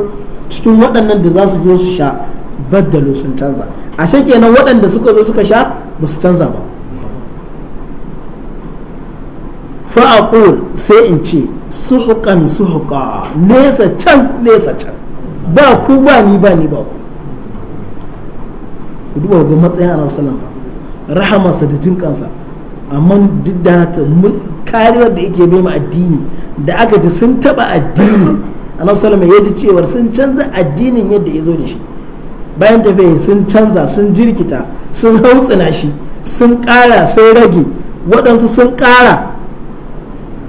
cikin waɗannan da za su zo su sha baddalu sun canza a ashe kenan waɗanda suka zo suka sha ba su canza ba fa'aqul sai in ce suhukan suhuka nesa can nesa can ba ku ba ni ba ni ba ku duba ga matsayin annabi rahamarsa da jinkansa amma duk da haka kariyar da yake bai ma addini da aka ji sun taba addini annabi ya ji cewar sun canza addinin yadda ya zo da shi bayan tafiya sun canza sun jirkita sun hautsina shi sun kara sai rage waɗansu sun kara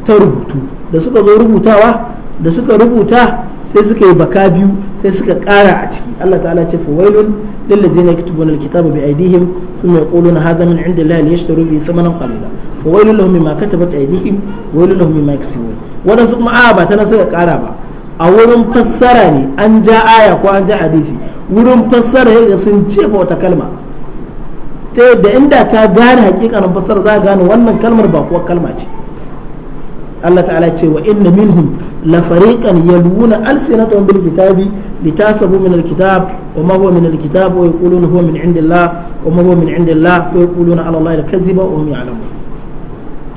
ta rubutu da suka zo rubutawa da suka rubuta sai suka yi baka biyu sai suka kara a ciki Allah ta'ala ce fa wailun lil ladina yaktubuna alkitaba bi aydihim thumma yaquluna hadha min Allah liyashtaru bi thamanan qalila fa wailun lahum mimma katabat aydihim wailun lahum mimma yaksibun wannan su kuma a ba ta nan suka kara ba a wurin fassara ne an ja aya ko an ja hadisi wurin fassara ya sun jefa wata kalma ta yadda inda ka gane hakikanin fassara za ka gane wannan kalmar ba kuwa kalma ce Allah ta'ala ce wa inna minhum la fariqan yaluna alsinatahum bil kitabi litasabu min al kitab wa ma huwa min al kitab wa yaquluna huwa min indillah wa ma huwa min indillah wa yaquluna ala allahi kadhiba wa hum ya'lamun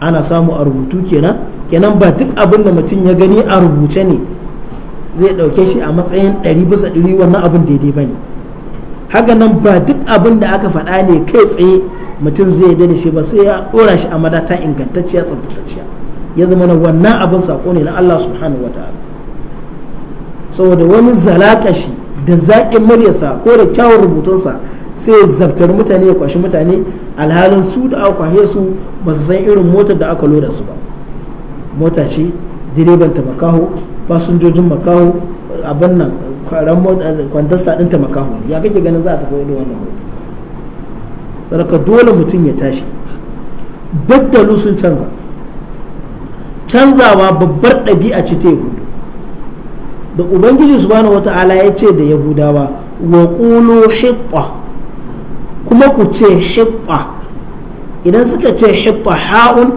ana samu a rubutu kenan kenan ba duk abin da mutum ya gani a rubuce ne zai dauke shi a matsayin 100 bisa 100 wannan abin daidai bane haka nan ba duk abin da aka faɗa ne kai tsaye mutum zai yarda da shi ba sai ya dora shi a madata ingantacciya tsaftatacciya ya zama na wannan abin sako ne na Allah subhanahu wa ta'ala saboda wani zalakashi da zaƙin muryarsa ko da kyawun rubutunsa sai ya zabtar mutane ya kwashi mutane alhalin su da aka kwashe su ba su san irin motar da aka loda su ba mota ce direban ta makaho fasinjojin makaho abin nan kwantasta ɗin ta makaho ya kake ganin za a tafi wani wannan hoto sadaka dole mutum ya tashi baddalu sun canza canzawa babbar ɗabi'a ce ta yahudu da ubangiji subhanahu ala ya ce da yahudawa wa qulu hitta kuma ku ce hitta idan suka ce hitta ha'un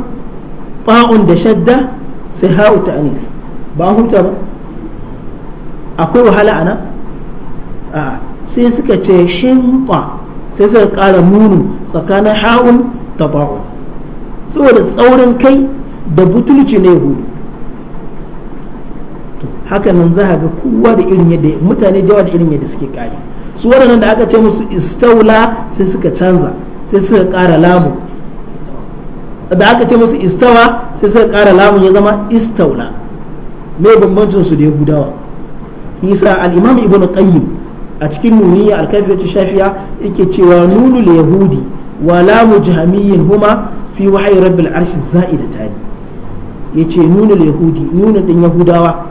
ta'un da shadda sai ha'u ta anis ba huta ba akwai wahala ana a sai suka ce hinta sai suka ƙara nunu tsakanin ha'un da ta'un saboda tsaurin kai da butulci ne hudu haka nan za ga kowa da irin yadda mutane da yawa da irin yadda suke kayi su waɗannan da aka ce musu istaula sai suka canza sai suka ƙara lamu da aka ce musu istawa sai suka ƙara lamun ya zama istaula me bambancin su da ya gudawa isa al-imam ibn qayyim a cikin nuniya al-kafiyatu shafiya yake cewa nunul yahudi wa lamu jahamiyyin huma fi wahyi rabbil arshi za'idatani ce nuna yahudi nuna din yahudawa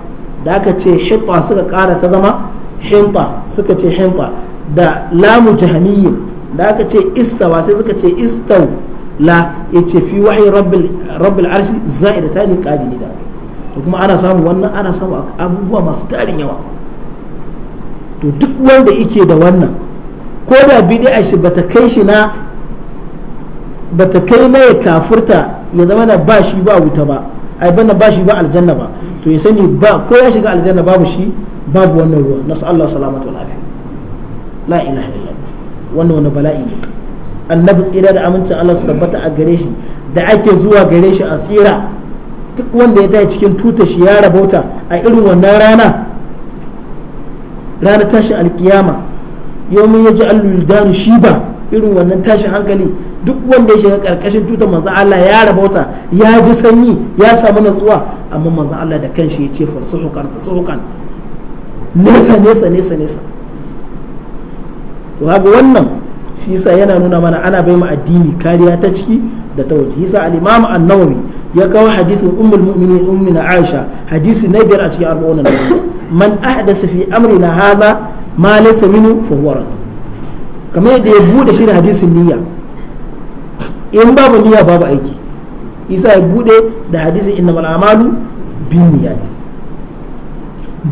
da aka ce hinta suka kara ta zama hinta suka ce hinta da lamu jahamiyyin da aka ce istawa sai suka ce istau la ce fi wahi rabbil rabbil arshi za'ida ta ni ne da to kuma ana samu wannan ana samu abubuwa masu tarin yawa to duk wanda yake da wannan ko da bid'a shi bata kai shi na bata kai mai kafurta ya zama da ba shi ba wuta ba ai banda ba shi ba aljanna ba to ya sani ba ko ya shiga aljanna babu shi babu wannan ruwa nasu Allah salamatu lafiya la ilaha illallah wannan wani bala'i ne annabi tsira da amincin Allah su tabbata a gare shi da ake zuwa gare shi a tsira duk wanda ya tashi cikin tuta shi ya rabauta a irin wannan rana rana tashi alkiyama yawmin yaj'alul danu shiba irin wannan tashin hankali duk wanda ya shiga karkashin tutar manzon Allah ya rabauta ya ji sanyi ya samu natsuwa amma manzon Allah da kanshi ya ce fasuhukan fasuhukan nesa nesa nesa nesa to wannan shi yasa yana nuna mana ana bai mu addini kariya ta ciki da ta waje yasa al-Imam an ya kawo hadisin ummul mu'minin na Aisha hadisi na biyar a cikin arba'un man ahdatha fi amrina hadha ma laysa minhu fa huwa kamar yadda ya bude shi da hadisin niyya in babu niyya babu aiki isa ya bude da hadisin innamal amalu bin niyyati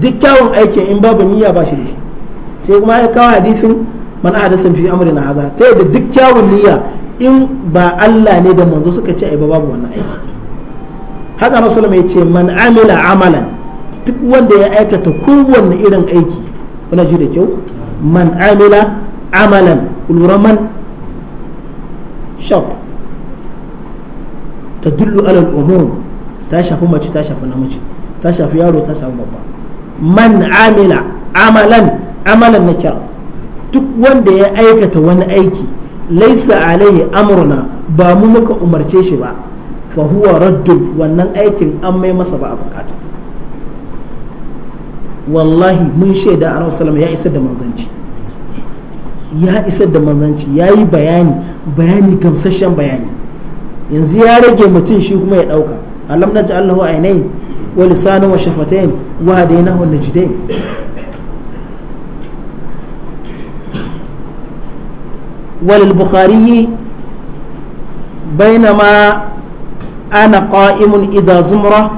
duk kyawun aikin in babu niyya ba shi da shi sai kuma ya kawo hadisin man hadasan fi amrina hada ta yadda duk kyawun niyya in ba Allah ne da manzo suka ce ai ba babu wannan aiki haka rasul mai ce man amila amalan duk wanda ya aikata kowanne irin aiki kuna ji da kyau man amila amalan lura man shaq ta dullu alal umum ta shafi mace ta shafi namiji ta shafi yaro ta shafi babba man amila amalan amalan na kira duk wanda ya aikata wani aiki laisa alaihi amruna ba mu umarce shi ba fa huwa raddun wannan aikin an mai masa ba a bukata mun shaida ya isa da manzanci ya isa da manzanci ya yi bayani bayani gamsasshen bayani yanzu ya rage mutum shi kuma ya dauka alam na ja'allahu ainihin wa lisanu wa shafatayn wa hadaynahu najdayn wal bukhari bainama ana ka'imun idza zumra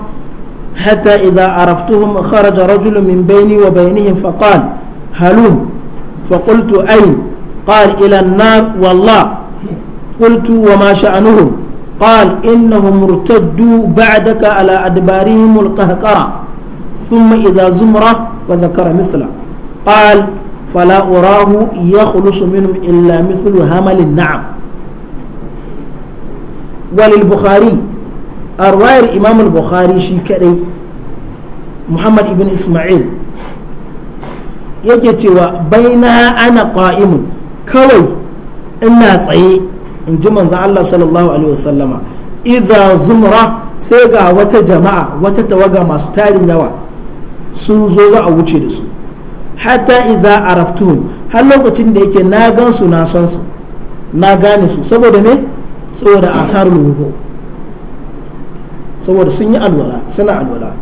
hatta idza araftuhum kharaja rajulun min bayni wa baynihim faqala halum فقلت أين قال إلى النار والله قلت وما شأنهم قال إنهم ارتدوا بعدك على أدبارهم القهقرة ثم إذا زمرة وذكر مثله قال فلا أراه يخلص منهم إلا مثل همل النعم وللبخاري الرواية الإمام البخاري شيكري محمد بن إسماعيل yake cewa bai na ana ƙwa'imu kawai ina tsaye in ji manzan Allah sallallahu alaihi wasallama idan zumra sai ga wata jama'a wata tawaga masu tarin yawa sun zo za a wuce da su hatta idan araftuhum har lokacin da yake na gan su na san su na gane su saboda me saboda atharul wudu saboda sun yi alwala suna alwala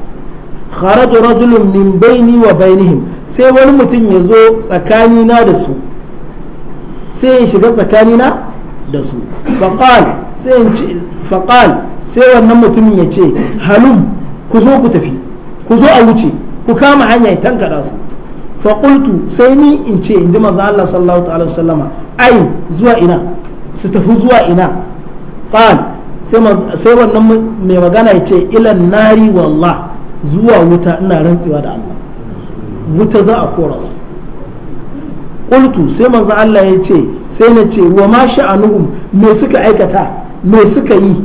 kharaju rajulun min baini wa bainihim sai wani mutum ya zo tsakani na da su sai ya shiga tsakani na da su faqal sai faqal sai wannan mutumin ya ce halum ku zo ku tafi ku zo a wuce ku kama hanya ya tankada su faƙultu sai ni in ce in ji manzo Allah sallallahu alaihi wasallama ai zuwa ina su tafi zuwa ina qal sai wannan mai magana ya ce ilan nari wallah zuwa wuta ina rantsewa da Allah wuta za a kora su qultu sai manzo Allah ya ce sai na ce wa ma sha'anuhum me suka aikata me suka yi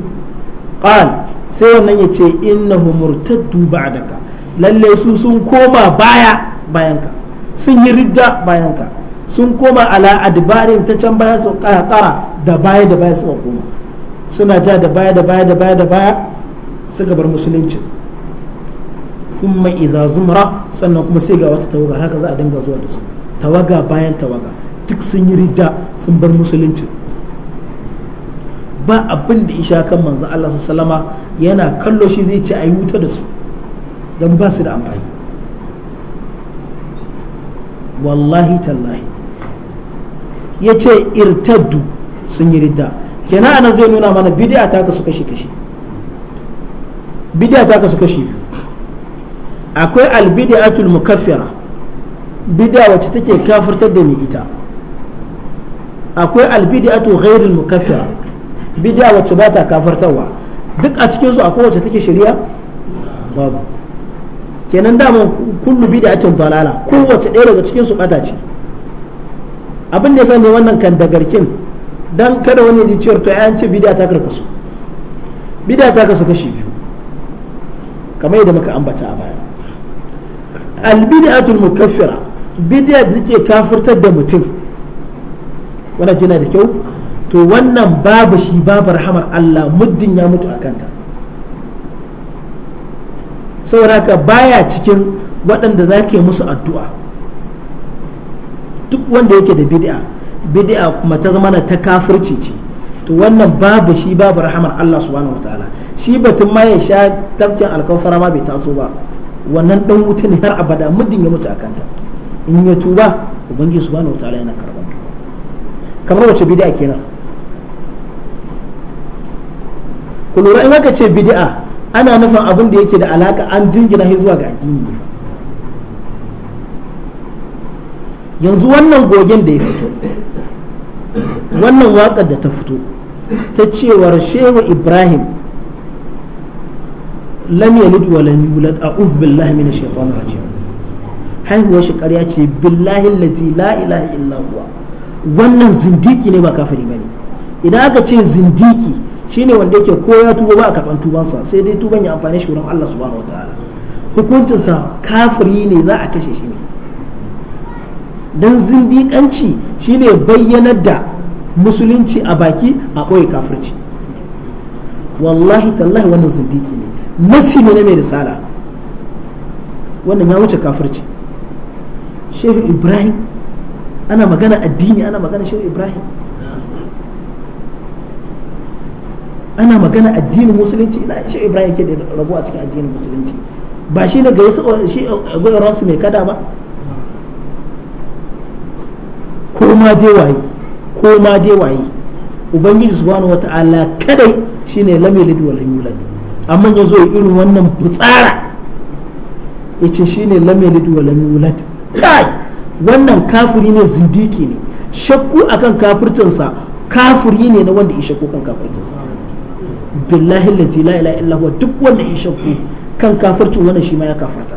qal sai wannan ya ce innahum murtaddu ba'daka lalle su sun koma baya bayanka sun yi ridda bayanka sun koma ala adbarin ta can baya su kara da baya da baya suka koma suna ja da baya da baya da baya da baya suka bar musulunci thumma idza zumra sannan kuma sai ga wata tawaga haka za a dinga zuwa da su tawaga bayan tawaga duk sun yi ridda sun bar musulunci ba abin da isha kan manzo Allah sallama yana kallo shi zai ce ayi wuta da su dan ba su da amfani wallahi tallahi yace irtaddu sun yi ridda kenan zai nuna mana bid'a ta kasu kashi kashi bid'a ta kasu kashi biyu akwai albid'atul mukaffira bid'a wacce take kafirtar da ni ita akwai albid'atu ghairul mukaffira bid'a wacce ba ta kafirtarwa duk a cikin su akwai wacce take shari'a babu kenan dama kullu bid'atin dalala kowace ɗaya daga cikin su bata ce abin da ya sani wannan kan dagarkin dan kada wani ji cewa to ayan ce bid'a ta karkasu bid'a ta kasu kashi biyu kamar yadda muka ambata a baya albid'atul mukaffira bid'a da take kafirtar da mutum wannan jina da kyau to wannan babu shi babu rahamar Allah muddin ya mutu ta saboda ka baya cikin waɗanda za musu addu'a duk wanda yake da bid'a bid'a kuma ta zama na ta kafirci ce to wannan babu shi babu rahamar Allah subhanahu wataala shi batun ma ya sha tafkin alkawfara ma bai taso ba wannan dan wuta ne har abada muddin ya mutu a kanta in ya tuba ubangiji subhanahu wataala yana karban kamar wace bid'a kenan ku lura in aka ce bid'a ana nufin abin da yake da alaka an jingina shi zuwa ga addini yanzu wannan gogen da ya fito wannan waƙar da ta fito ta cewar shehu ibrahim lam yalid wa lam yulad a'udhu billahi minash shaitanir rajim haihuwar shi ƙarya ce billahi allazi la ilaha illa huwa wannan zindiki ne ba kafiri bane idan aka ce zindiki shine wanda yake ko ya tuba ba a karban tubansa sai dai tuban ya amfane shi wurin Allah subhanahu wataala hukuncinsa kafiri ne za a kashe shi ne dan zindiƙanci shine bayyanar da musulunci a baki a ɓoye kafirci wallahi tallahi wannan zindiki ne nasi ne mai risala wannan ya wuce kafirci shehu ibrahim ana magana addini ana magana shehu ibrahim ana magana addinin musulunci ina shehu ibrahim ke da rabu a cikin addinin musulunci ba shi ne gaisu shi goyon mai kada ba ko ma dai waye ko ma dai waye ubangiji subhanahu wata'ala kadai shine lam wal yuladu amma ya zo irin wannan fitsara ya ce shi ne lamelid wa lam kai wannan kafiri ne zindiki ne shakku akan kafircinsa kafiri ne na wanda ya shakku kan kafircinsa billahi lati la ilaha illa huwa duk wanda ya shakku kan kafircin wannan shi ma ya kafarta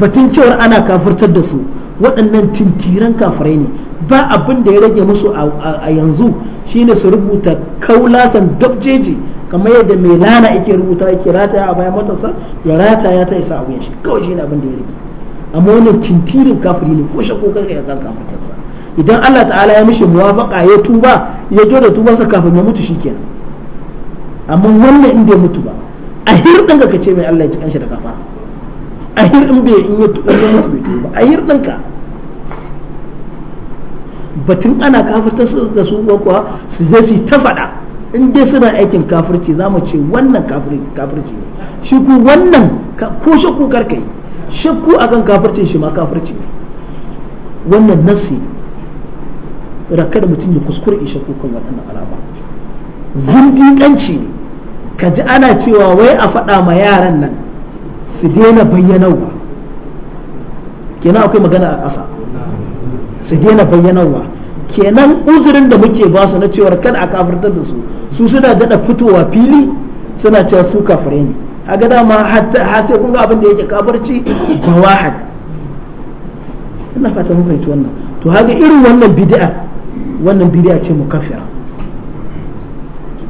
batun cewar ana kafirtar da su waɗannan tintiran kafirai ne ba abin da ya rage musu a yanzu shine su rubuta kaulasan gabjeji kamar yadda mai lana yake rubuta yake rata a bayan matarsa ya rata ya ta isa abin shi kawai shi ne abin da ya rike amma wannan cintirin kafiri ne ko shakko kanka ya kanka matarsa idan Allah ta'ala ya mishi muwafaqa ya tuba ya jo da sa kafin ya mutu shikenan amma wannan in bai mutu ba a hirɗin ka ce mai Allah ya ci kanshi da kafa a hirɗin bai in ya mutu bai tuba a hirɗin ka batun ana kafatar da su kuwa su je su ta faɗa in dai suna aikin kafirci za mu ce wannan kafirci ne shi ku wannan ko shakku karka yi shakku kan kafircin shi ma kafirci ne wannan nasi tsira kada mutum ya kuskure in shakku kan waɗannan alama zindiƙanci ne ka ji ana cewa wai a faɗa ma yaran nan su daina bayyanarwa kenan akwai magana a ƙasa su daina bayyanarwa kenan uzurin da muke ba su na cewar kada a kafirtar da su su suna dada fitowa fili suna cewa su kafire ne a ga ma har sai kun abin da yake kafirci ba wahad ina fata mun fahimci wannan to haka irin wannan bid'a wannan bid'a ce mu kafira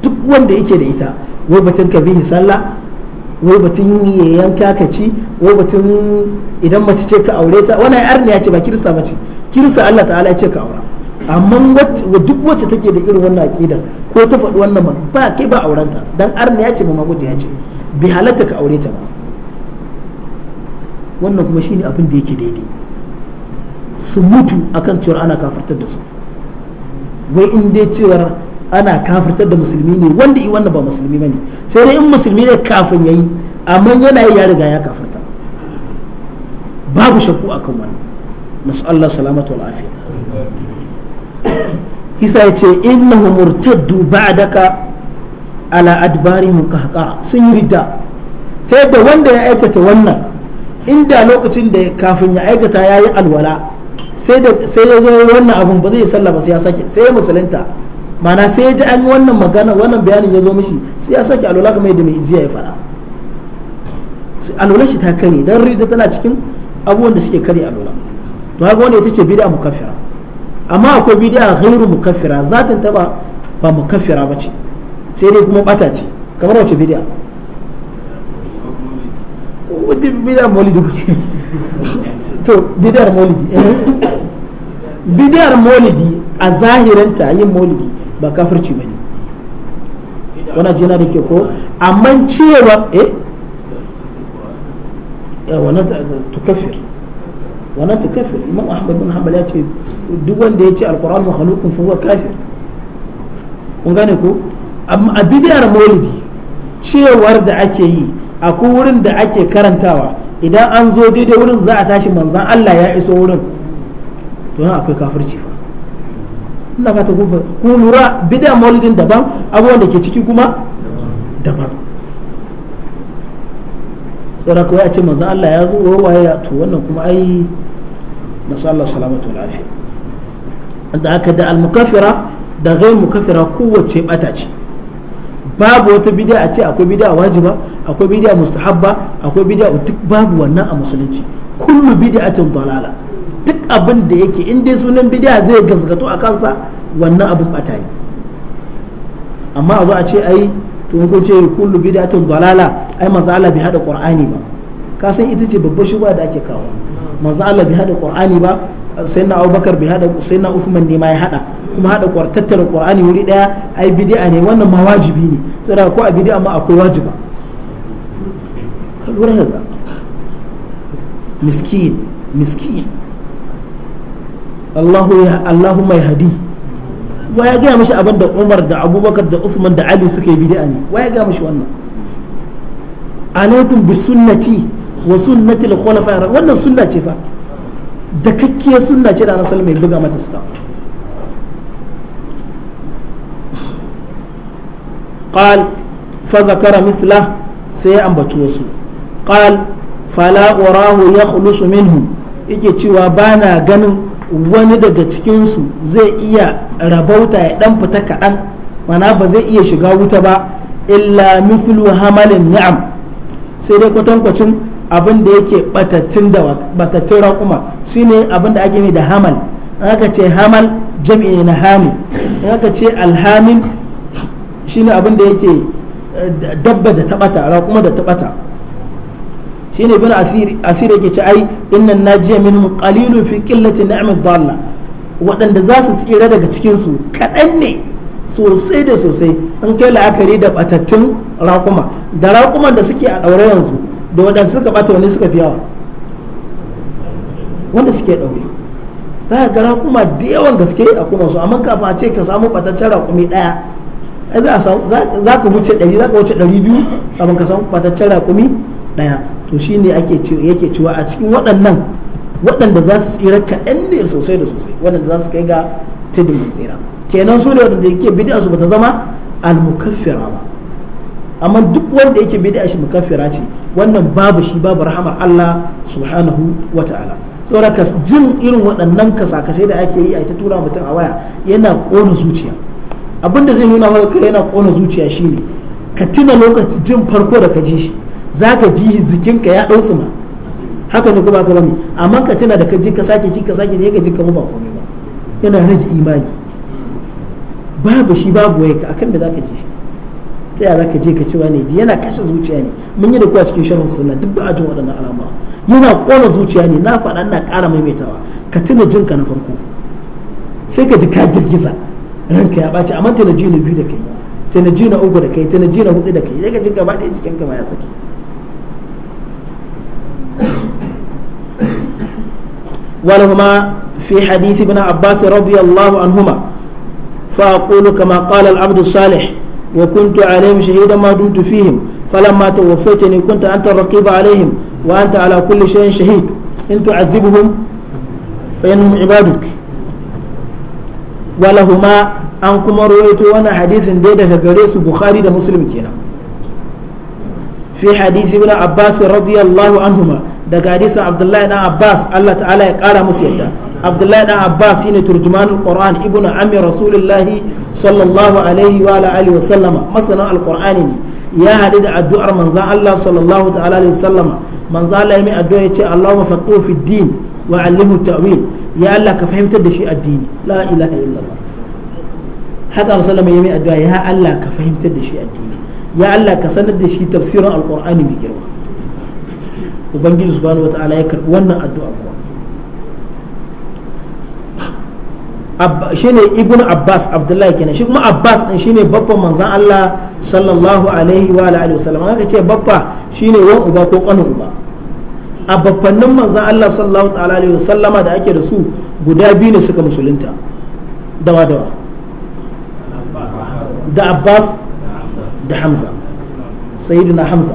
duk wanda yake da ita wai batun ka bihi sallah wai batun ya yanka ka ci wai batun idan mace ce ka aure ta wannan arniya ce ba kirista ba ce kirista Allah ta'ala ya ce ka aura amma duk wacce take da irin wannan aqidar ko ta faɗi wannan man ba kai ba aurenta dan arna ya ce ma magudu ya ce bi halatta ka aure ta ba wannan kuma shine abin da yake daidai su mutu akan cewar ana kafirtar da su wai in dai cewar ana kafirtar da musulmi ne wanda i wannan ba musulmi bane sai dai in musulmi ne kafin yayi amma yana yi ya riga ya kafirta babu shakku akan wannan nasu Allah salamatu wal afiya isa ya ce innahu murtaddu ba'daka ala adbarihim kahqa sun yi ridda ta yadda wanda ya aikata wannan inda lokacin da kafin ya aikata ya yi alwala sai ya zo wannan abun ba zai sallah ba sai ya sake sai ya musulunta mana sai ya ji an wannan magana wannan bayanin ya zo mishi sai ya sake alwala kuma yadda mai iziya ya fara alwala shi ta kare dan rida tana cikin abubuwan da suke kare alwala to haka wanda ya ce bid'a kafira. amma akwai bid'a ghairu mukaffira zatin ta ba ba mukaffira bace sai dai kuma bata ce kamar wace bidiya wadda bid'a maulidi kuce to bidiyar maulidi eh. bidiyar maulidi a zahirinta yin maulidi ba kafirci bane wana jina da ke ko amma cewa eh, eh wannan tukaffir wannan tukaffir imam ahmad bin hanbal ya ce duk wanda ya ce alkur'an mahalukun fa huwa kafir kun gane ko amma a bidiyar maulidi cewar da ake yi a wurin da ake karantawa idan an zo daidai wurin za a tashi manzan Allah ya iso wurin to nan akwai kafirci fa ina fata ku lura bidiyar maulidin daban abubuwan da ke ciki kuma daban tsora kawai a ce manzan Allah ya zo wawaye to wannan kuma ai masu Allah salamatu lafiya da aka da al-mukaffira da ghayr mukaffira kowace bata ce babu wata bid'a a ce akwai bid'a wajiba akwai bid'a mustahabba akwai bid'a duk babu wannan a musulunci kullu bid'atin dalala duk abin da yake in dai sunan bid'a zai gazgato a kansa wannan abin bata ne amma a zo a ce ai to in kun ce kullu bid'atin dalala ai manzo Allah bai hada qur'ani ba ka san ita ce babbar shuba da ake kawo manzo Allah bai hada qur'ani ba sai na abubakar bai hada sai na usman ne ma ya hada kuma hada tattara qur'ani wuri daya ai bid'a ne wannan ma wajibi ne saboda ko a bid'a ma akwai wajiba ka lura ga miskin miskin Allahu ya Allahu mai hadi wa ya gaya mashi abin da Umar da Abubakar da Usman da Ali suka yi bid'a ne wa ya gaya mashi wannan alaikum bi sunnati wa sunnati al-khulafa wannan sunna ce fa da kakkiyar sunna ce da rasul mai buga mata sta qal mislah sai ya ambaci wasu qal fala urahu yakhlusu minhu yake cewa bana ganin wani daga cikinsu zai iya rabauta ya dan fita kaɗan mana ba zai iya shiga wuta ba illa mithlu hamalin ni'am sai dai kwatankwacin abin da yake batattun da batattun raƙuma shine abin da ake ne da hamal in aka ce hamal jam'i ne na hamil in aka ce shi shine abin da yake eh, dabba da tabata raƙuma da tabata shine bin asiri yake ce ai innan najiya min kalilu fi qillati ni'mat dalla waɗanda za su tsira daga cikin su kaɗan ne sosai da sosai in kai la'akari da batattun raƙuma da raƙuman da suke a ɗaure yanzu da wadanda suka bata wani suka fi yawa wanda suke ɗaure za ka gara kuma da yawan gaske a kuma su amma kafin a ce ka samu ɓataccen raƙumi ɗaya za ka wuce ɗari za ka wuce ɗari biyu kafin ka samu ɓataccen raƙumi ɗaya to shi ne yake cewa a cikin waɗannan waɗanda za su tsira kaɗan ne sosai da sosai waɗanda za su kai ga tudun mai tsira kenan su ne waɗanda yake bidiyar su ba ta zama al-mukaffira ba amma duk wanda yake bid'a shi mukaffira ce wannan babu shi babu rahamar Allah subhanahu wa ta'ala saboda jin irin waɗannan kasakasai da ake yi a ta tura mutum a waya yana ƙona zuciya abin da zai nuna maka yana ƙona zuciya shine ka tuna lokacin jin farko da ka ji shi ka ji jikinka ya ɗau suma haka ne kuma ka bani amma ka tuna da ka ji ka sake ji ka sake ji ka ji ka ba komai ba yana rage imani babu shi babu wai ka akan me ka ji ta yaya ka je ka ci wani ji yana kashe zuciya ne mun yi da kuwa cikin sharhun sunna duk ba a jin waɗannan al'amura yana kona zuciya ne na faɗa na ƙara maimaitawa ka tuna jinka na farko sai ka ji ka girgiza ranka ya ɓaci amma tana ji na biyu da kai tana ji na uku da kai tana ji na hudu da kai sai ka ji gaba ɗaya jikin ka ya saki ولهما في حديث ابن عباس رضي الله عنهما فأقول كما قال العبد الصالح وكنت عليهم شهيدا ما دمت فيهم فلما توفيتني كنت أنت الرقيب عليهم وأنت على كل شيء شهيد إن تعذبهم فإنهم عبادك ولهما أنكم رويتوا وانا حديث ديدا كغريس بخاري دا مسلم كينا في حديث ابن عباس رضي الله عنهما دا حديث عبد الله بن عباس الله تعالى قال مسيدا abdullahi dan abbas shine turjumanul qur'an ibnu ammi rasulullahi sallallahu alaihi wa alihi wa sallama masanan alqur'ani ne ya hadu da addu'ar manzon Allah sallallahu ta'ala alaihi wa sallama manzon Allah ya mai addu'a yace Allahumma faqihu fid din wa 'allimhu ta'wil ya Allah ka fahimtar da shi addini la ilaha illallah haka rasulullah ya mai addu'a ya Allah ka fahimtar da shi addini ya Allah ka sanar da shi tafsirin alqur'ani mai girma ubangiji subhanahu wataala ya karbi wannan addu'a shine ibn abbas abdullahi kenan shi kuma abbas din shine babban manzan Allah sallallahu alaihi wa alihi wasallam haka ce babba shine wan uba ko kanin uba a babbannin manzan Allah sallallahu ta'ala alaihi wasallama da ake da su guda biyu ne suka musulunta dawa dawa da abbas da hamza sayyidina hamza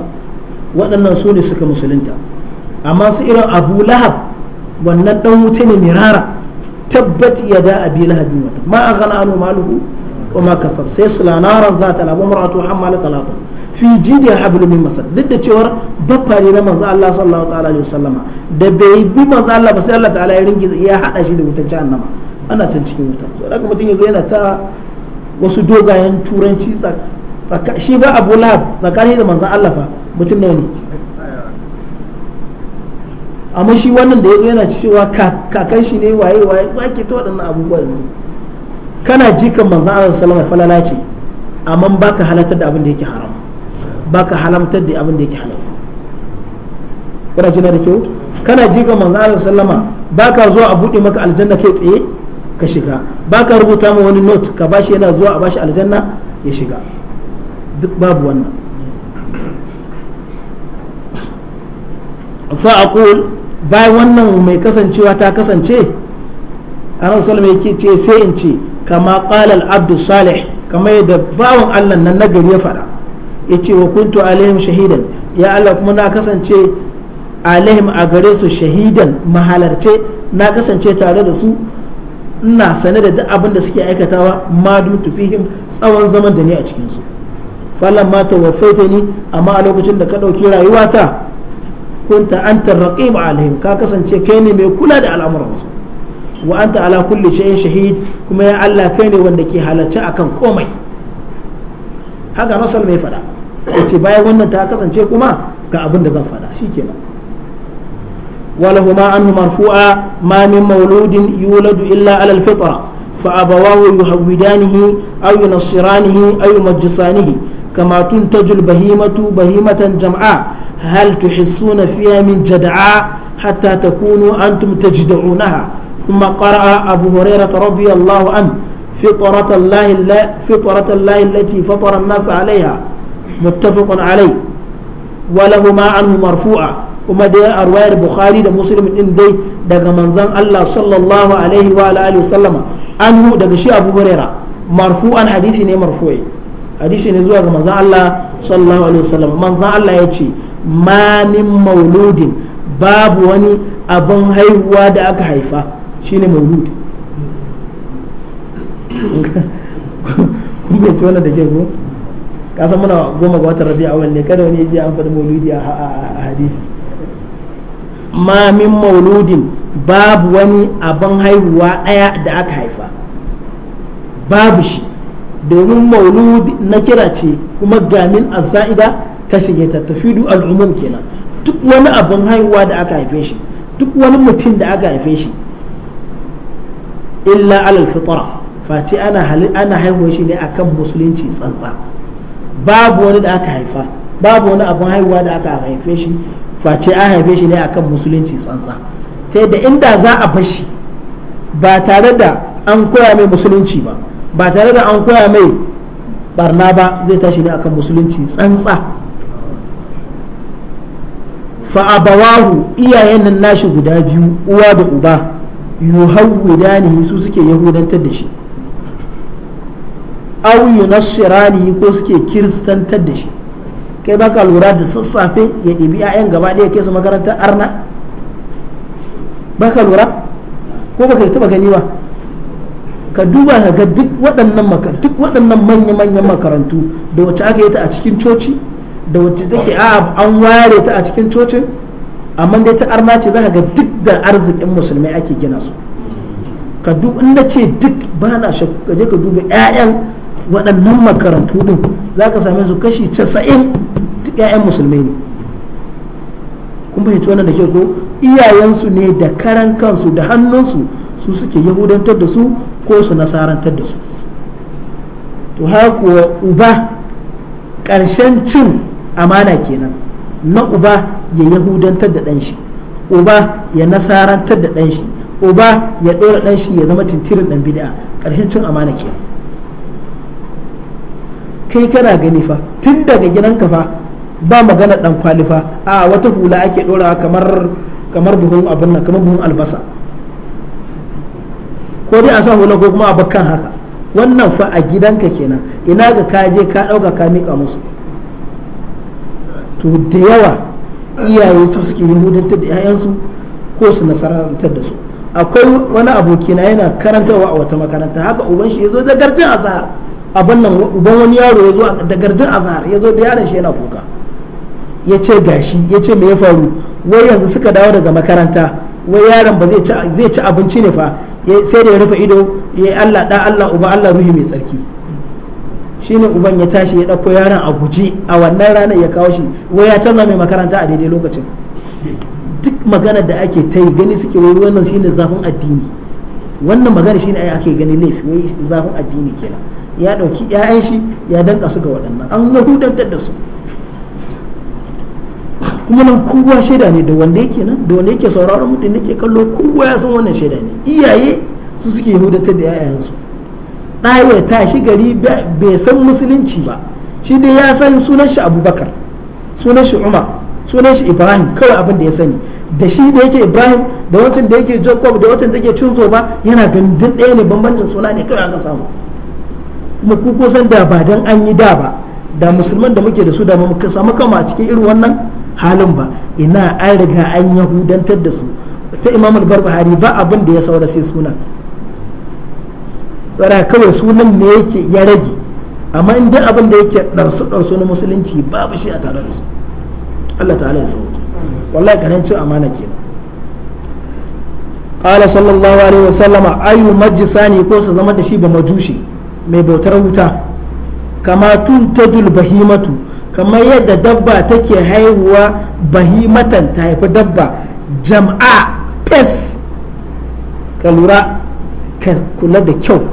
waɗannan su ne suka musulunta amma su irin abu lahab wannan dan wuta ne mirara tabbat yada abi lahabi wata ma a gana anu maluhu wa ma kasar sai su naran za ta labu maratu hammala talata fi ji da hablu min masar duk da cewar bafari na manzo Allah sallallahu ta'ala alaihi wasallama da bai bi manzo Allah ba sai Allah ta'ala ya ringi ya hada shi da wutar jahannama ana can cikin wutan so haka mutum yanzu yana ta wasu dogayen turanci shi ba Abu Lahab tsakani da manzo Allah fa mutum ne ne amma shi wannan da ya zo yana cewa kakan shi ne waye waye ke ta waɗannan abubuwa yanzu kana jikan manzan Allah salama falala ce amma baka halartar da abin da yake haram baka halartar da abin da yake halas kana jina da kyau kana jikan manzan Allah sallama baka zuwa a buɗe maka aljanna kai tsaye ka shiga baka rubuta ma wani note ka bashi yana zuwa a bashi aljanna ya shiga duk babu wannan فأقول bayan wannan mai kasancewa ta kasance annabi sallallahu yake ce sai in ce kama kalal abdu salih kama yadda bawan Allah nan nagari ya fada ya ce wa kuntu alaihim shahidan ya Allah kuma na kasance alaihim a gare su shahidan mahalarce na kasance tare da su ina sane da duk abin da suke aikatawa ma dumtu fihim tsawon zaman da ni a cikin su mata wa faita ni amma a lokacin da ka ɗauki rayuwata kunta anta raqib alaihim ka kasance kai ne mai kula da al'amuransu wa anta ala kulle shay'in shahid kuma ya Allah kai ne wanda ke halarci akan komai haka rasul mai fada yace bayan wannan ta kasance kuma ga abin da zan fada shikenan ولهما عنه مرفوعا ما من مولود يولد إلا على الفطرة فأبواه يهودانه أو ينصرانه أو يمجسانه كما تنتج البهيمة بهيمة جمعاء هل تحسون فيها من جدعاء حتى تكونوا أنتم تجدعونها ثم قرأ أبو هريرة رضي الله عنه فطرة الله, الله فطرة الله التي فطر الناس عليها متفق عليه ولهما عنه مرفوعة kuma dai a ruwayar bukhari da muslim din dai daga manzan allah sallallahu alaihi wa alihi wasallama anhu daga shi abu huraira marfu'an hadisi ne marfu'i hadisi ne zuwa ga manzan Allah sallallahu alaihi wasallam manzan Allah ya ce ma min mauludin babu wani abin haihuwa da aka haifa shine maulud kun bai ci wannan da ke ko ka san muna goma ga watan rabi'a wanne kada wani ya je an faɗi mauludi a hadisi ma min mauludin babu wani abin haihuwa daya da aka haifa babu shi domin mauludi na kira ce kuma gamin asa'ida ta shige ta du al'umum kenan duk wani abin haihuwa da aka haife shi duk wani mutum da aka haife shi illa alal fitra face ana ana haihuwa shi ne akan musulunci tsantsa babu wani da aka haifa babu wani abin haihuwa da aka haife shi face an haife shi ne akan musulunci tsantsa ta yadda inda za a bar shi ba tare da an koya mai musulunci ba ba tare da an koya mai barna ba zai tashi ne akan musulunci tsantsa fa'abawahu iyayen nan nashi guda biyu uwa da uba yuhawwidanihi su suke yahudantar da shi aw yunassiranihi ko suke kiristantar da shi kai baka lura da sassafe ya ɗibi 'ya'yan gaba ɗaya kai su makarantar arna baka lura ko baka taba gani ba ka duba ka ga duk waɗannan makar duk waɗannan manya-manyan makarantu da wacce aka yi ta a cikin coci da wacce take a an ware ta a cikin cocin amma dai ta arna ce za ka ga duk da arzikin musulmai ake gina su ka duk in ce duk ba na ka je ka duba 'ya'yan waɗannan makarantu din za ka same su kashi casa'in duk 'ya'yan musulmai ne kun fahimci wannan da ke ko iyayensu ne da karan kansu da hannunsu su suke yahudantar da su ko su nasarantar da su to haka kuwa uba ƙarshen cin amana kenan na uba ya yahudantar da ɗanshi uba ya nasarantar da ɗanshi uba ya ɗora ɗanshi ya zama tintirin ɗan bid'a ƙarshen cin amana kenan kai kana gani fa tun daga gidanka fa ba magana ɗan kwalifa a wata hula ake ɗorawa kamar kamar buhun abin nan kamar buhun albasa ko dai a sa hula ko kuma a bakkan haka wannan fa a gidanka kenan ina ga ka je ka ɗauka ka mika musu to da yawa iyaye su suke yahudantar da 'ya'yansu ko su nasarantar da su akwai wani abokina yana karantarwa a wata makaranta haka uban shi ya da garjin azhar abin nan uban wani yaro yazo da garjin azhar yazo da yaron shi yana kuka ya gashi yace ce me ya faru wai yanzu suka dawo daga makaranta wai yaron ba zai ci abinci ne fa sai da ya rufe ido ya Allah da Allah uba Allah ruhi mai tsarki shine uban ya tashi ya ɗauko yaron a guji a wannan ranar ya kawo shi wai ya canza mai makaranta a daidai lokacin duk magana da ake ta yi gani suke wai wannan shine zafin addini wannan magana shine ai ake gani laifi wai zafin addini kenan ya ɗauki 'ya'yan shi ya danka su ga waɗannan an yahudantar da su kuma nan kowa shaida ne da wanda yake nan da wanda yake sauraron mutum yake kallo kowa ya san wannan shaida ne iyaye su suke hudatar da 'ya'yansu ɗaya ya tashi gari bai san musulunci ba shi dai ya san sunan shi abubakar sunan shi umar sunan shi ibrahim kawai abin da ya sani da shi da yake ibrahim da wancan da yake jacob da wancan da yake cinzo ba yana ganin ɗaya ne bambancin suna ne kawai aka samu kuma ku kusan da ba dan an yi da ba da musulman da muke da su da mu samu kama a cikin irin wannan halin ba ina an riga an yahudantar da su ta imam al-barbahari ba abin da ya saura sai suna tsara kawai sunan ne yake ya rage amma in dai abin da yake darsu darsu na musulunci babu shi a tare da su Allah ta'ala ya sauke wallahi kanan ci amana ke qala sallallahu alaihi sallama ayu majisani ko su zama da shi ba majushi mai bautar wuta kama tun tajul bahimatu kamar yadda dabba take haihuwa bahimatan ta haifi dabba jama'a fes ka lura ka kula da kyau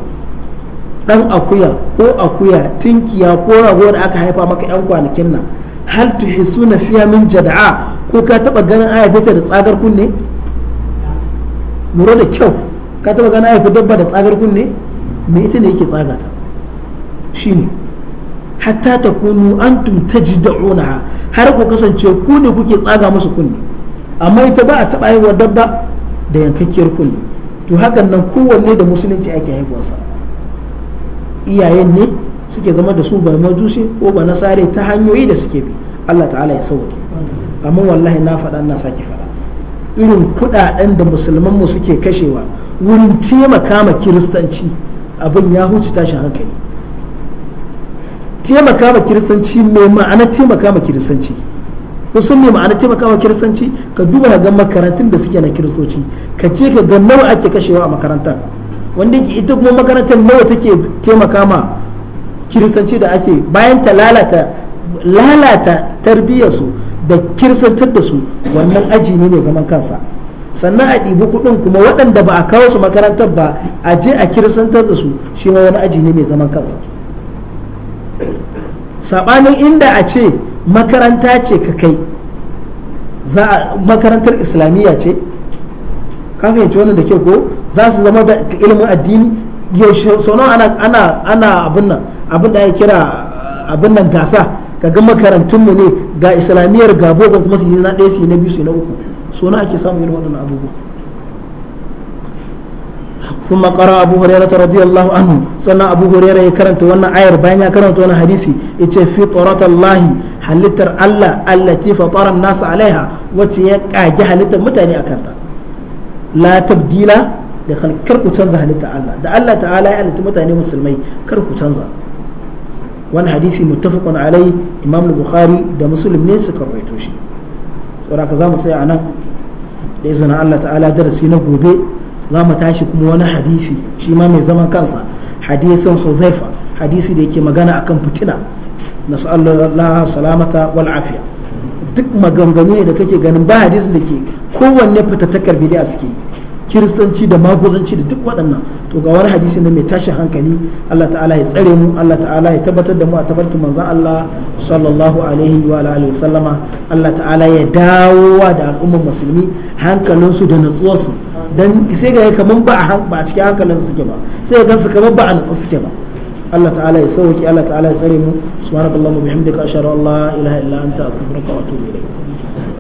dan akuya ko akuya tinkiya ko rago da aka haifa maka yan kwanakin nan hal suna fiya min jada'a ko ka taba ganin an haife da tsagar kunne lura da kyau ka taba ganin an dabba da tsagar kunne me ita ne yake tsagata shine hatta ta kunu takunu da onaha har ku kasance ku ne kuke tsaga musu kunne amma ita ba a taba wa dabba da yankakkiyar kunne to hakan nan kowanne da musulunci ake haihuwarsa iyayen ne suke zama da su ba majusi ko ba nasare ta hanyoyi da suke bi Allah ta'ala ya sauke amma wallahi na faɗa na sake faɗa irin kuɗaɗen da musulman mu suke kashewa wurin taimaka ma kiristanci abin ya huce tashin hankali taimaka ma kiristanci mai ma'ana taimaka ma kiristanci sun mai ma'ana taimaka ma kiristanci ka duba ga makarantun da suke na kiristoci ka ce ka ga nawa ake kashewa a makaranta wanda yake ita kuma makarantar nawa take taimaka ma kiristanci da ake bayan ta lalata lalata tarbiyyarsu da kiristantar da su wannan aji ne mai zaman kansa sannan a ɗibi kuɗin kuma waɗanda ba a kawo su makarantar ba a je a kiristantar da su shi ma wani aji ne mai zaman kansa sabanin inda a ce makaranta ce ka kai za a makarantar islamiyya ce ka fahimci wannan da ke ko za su zama da ilimin addini yaushe sau ana ana ana abin nan abin da ya kira abin nan gasa makarantun makarantunmu ne ga islamiyyar ga kuma su yi na ɗaya su yi na biyu su yi na uku sono ake samun irin waɗannan abubuwa ثم قرأ أبو هريرة رضي الله عنه سنة أبو هريرة يكرنت وانا عير باينا كرنت وانا حديثي إتي فطرة الله حلتر الله التي فطر الناس عليها وتي كاجة حلتر متاني أكرتا لا تبديل da karku canza halitta Allah da Allah ta'ala ya halitta mutane musulmai karku canza wani hadisi muttafaqun alai imam bukhari da muslim ne suka rawaito shi saboda ka zamu saya anan da izinin Allah ta'ala darasi na gobe za mu tashi kuma wani hadisi shi ma mai zaman kansa hadisin huzaifa hadisi da yake magana akan fitina nas'alullah salamata wal afiya duk maganganu ne da kake ganin ba hadisin da ke kowanne fitattakar bid'a suke kiristanci da maguzanci da duk waɗannan to ga wani hadisi ne mai tashin hankali Allah ta'ala ya tsare mu Allah ta'ala ya tabbatar da mu a tabbatar manzon Allah sallallahu alaihi wa alihi sallama Allah ta'ala ya dawowa da al'ummar musulmi hankalinsu da natsuwarsu dan sai ga kaman ba a ba cikin hankalin suke ba sai ga su kaman ba a nan suke ba Allah ta'ala ya sauki Allah ta'ala ya tsare mu subhanallahi wa bihamdika ashhadu an la ilaha illa anta astaghfiruka wa atubu ilayk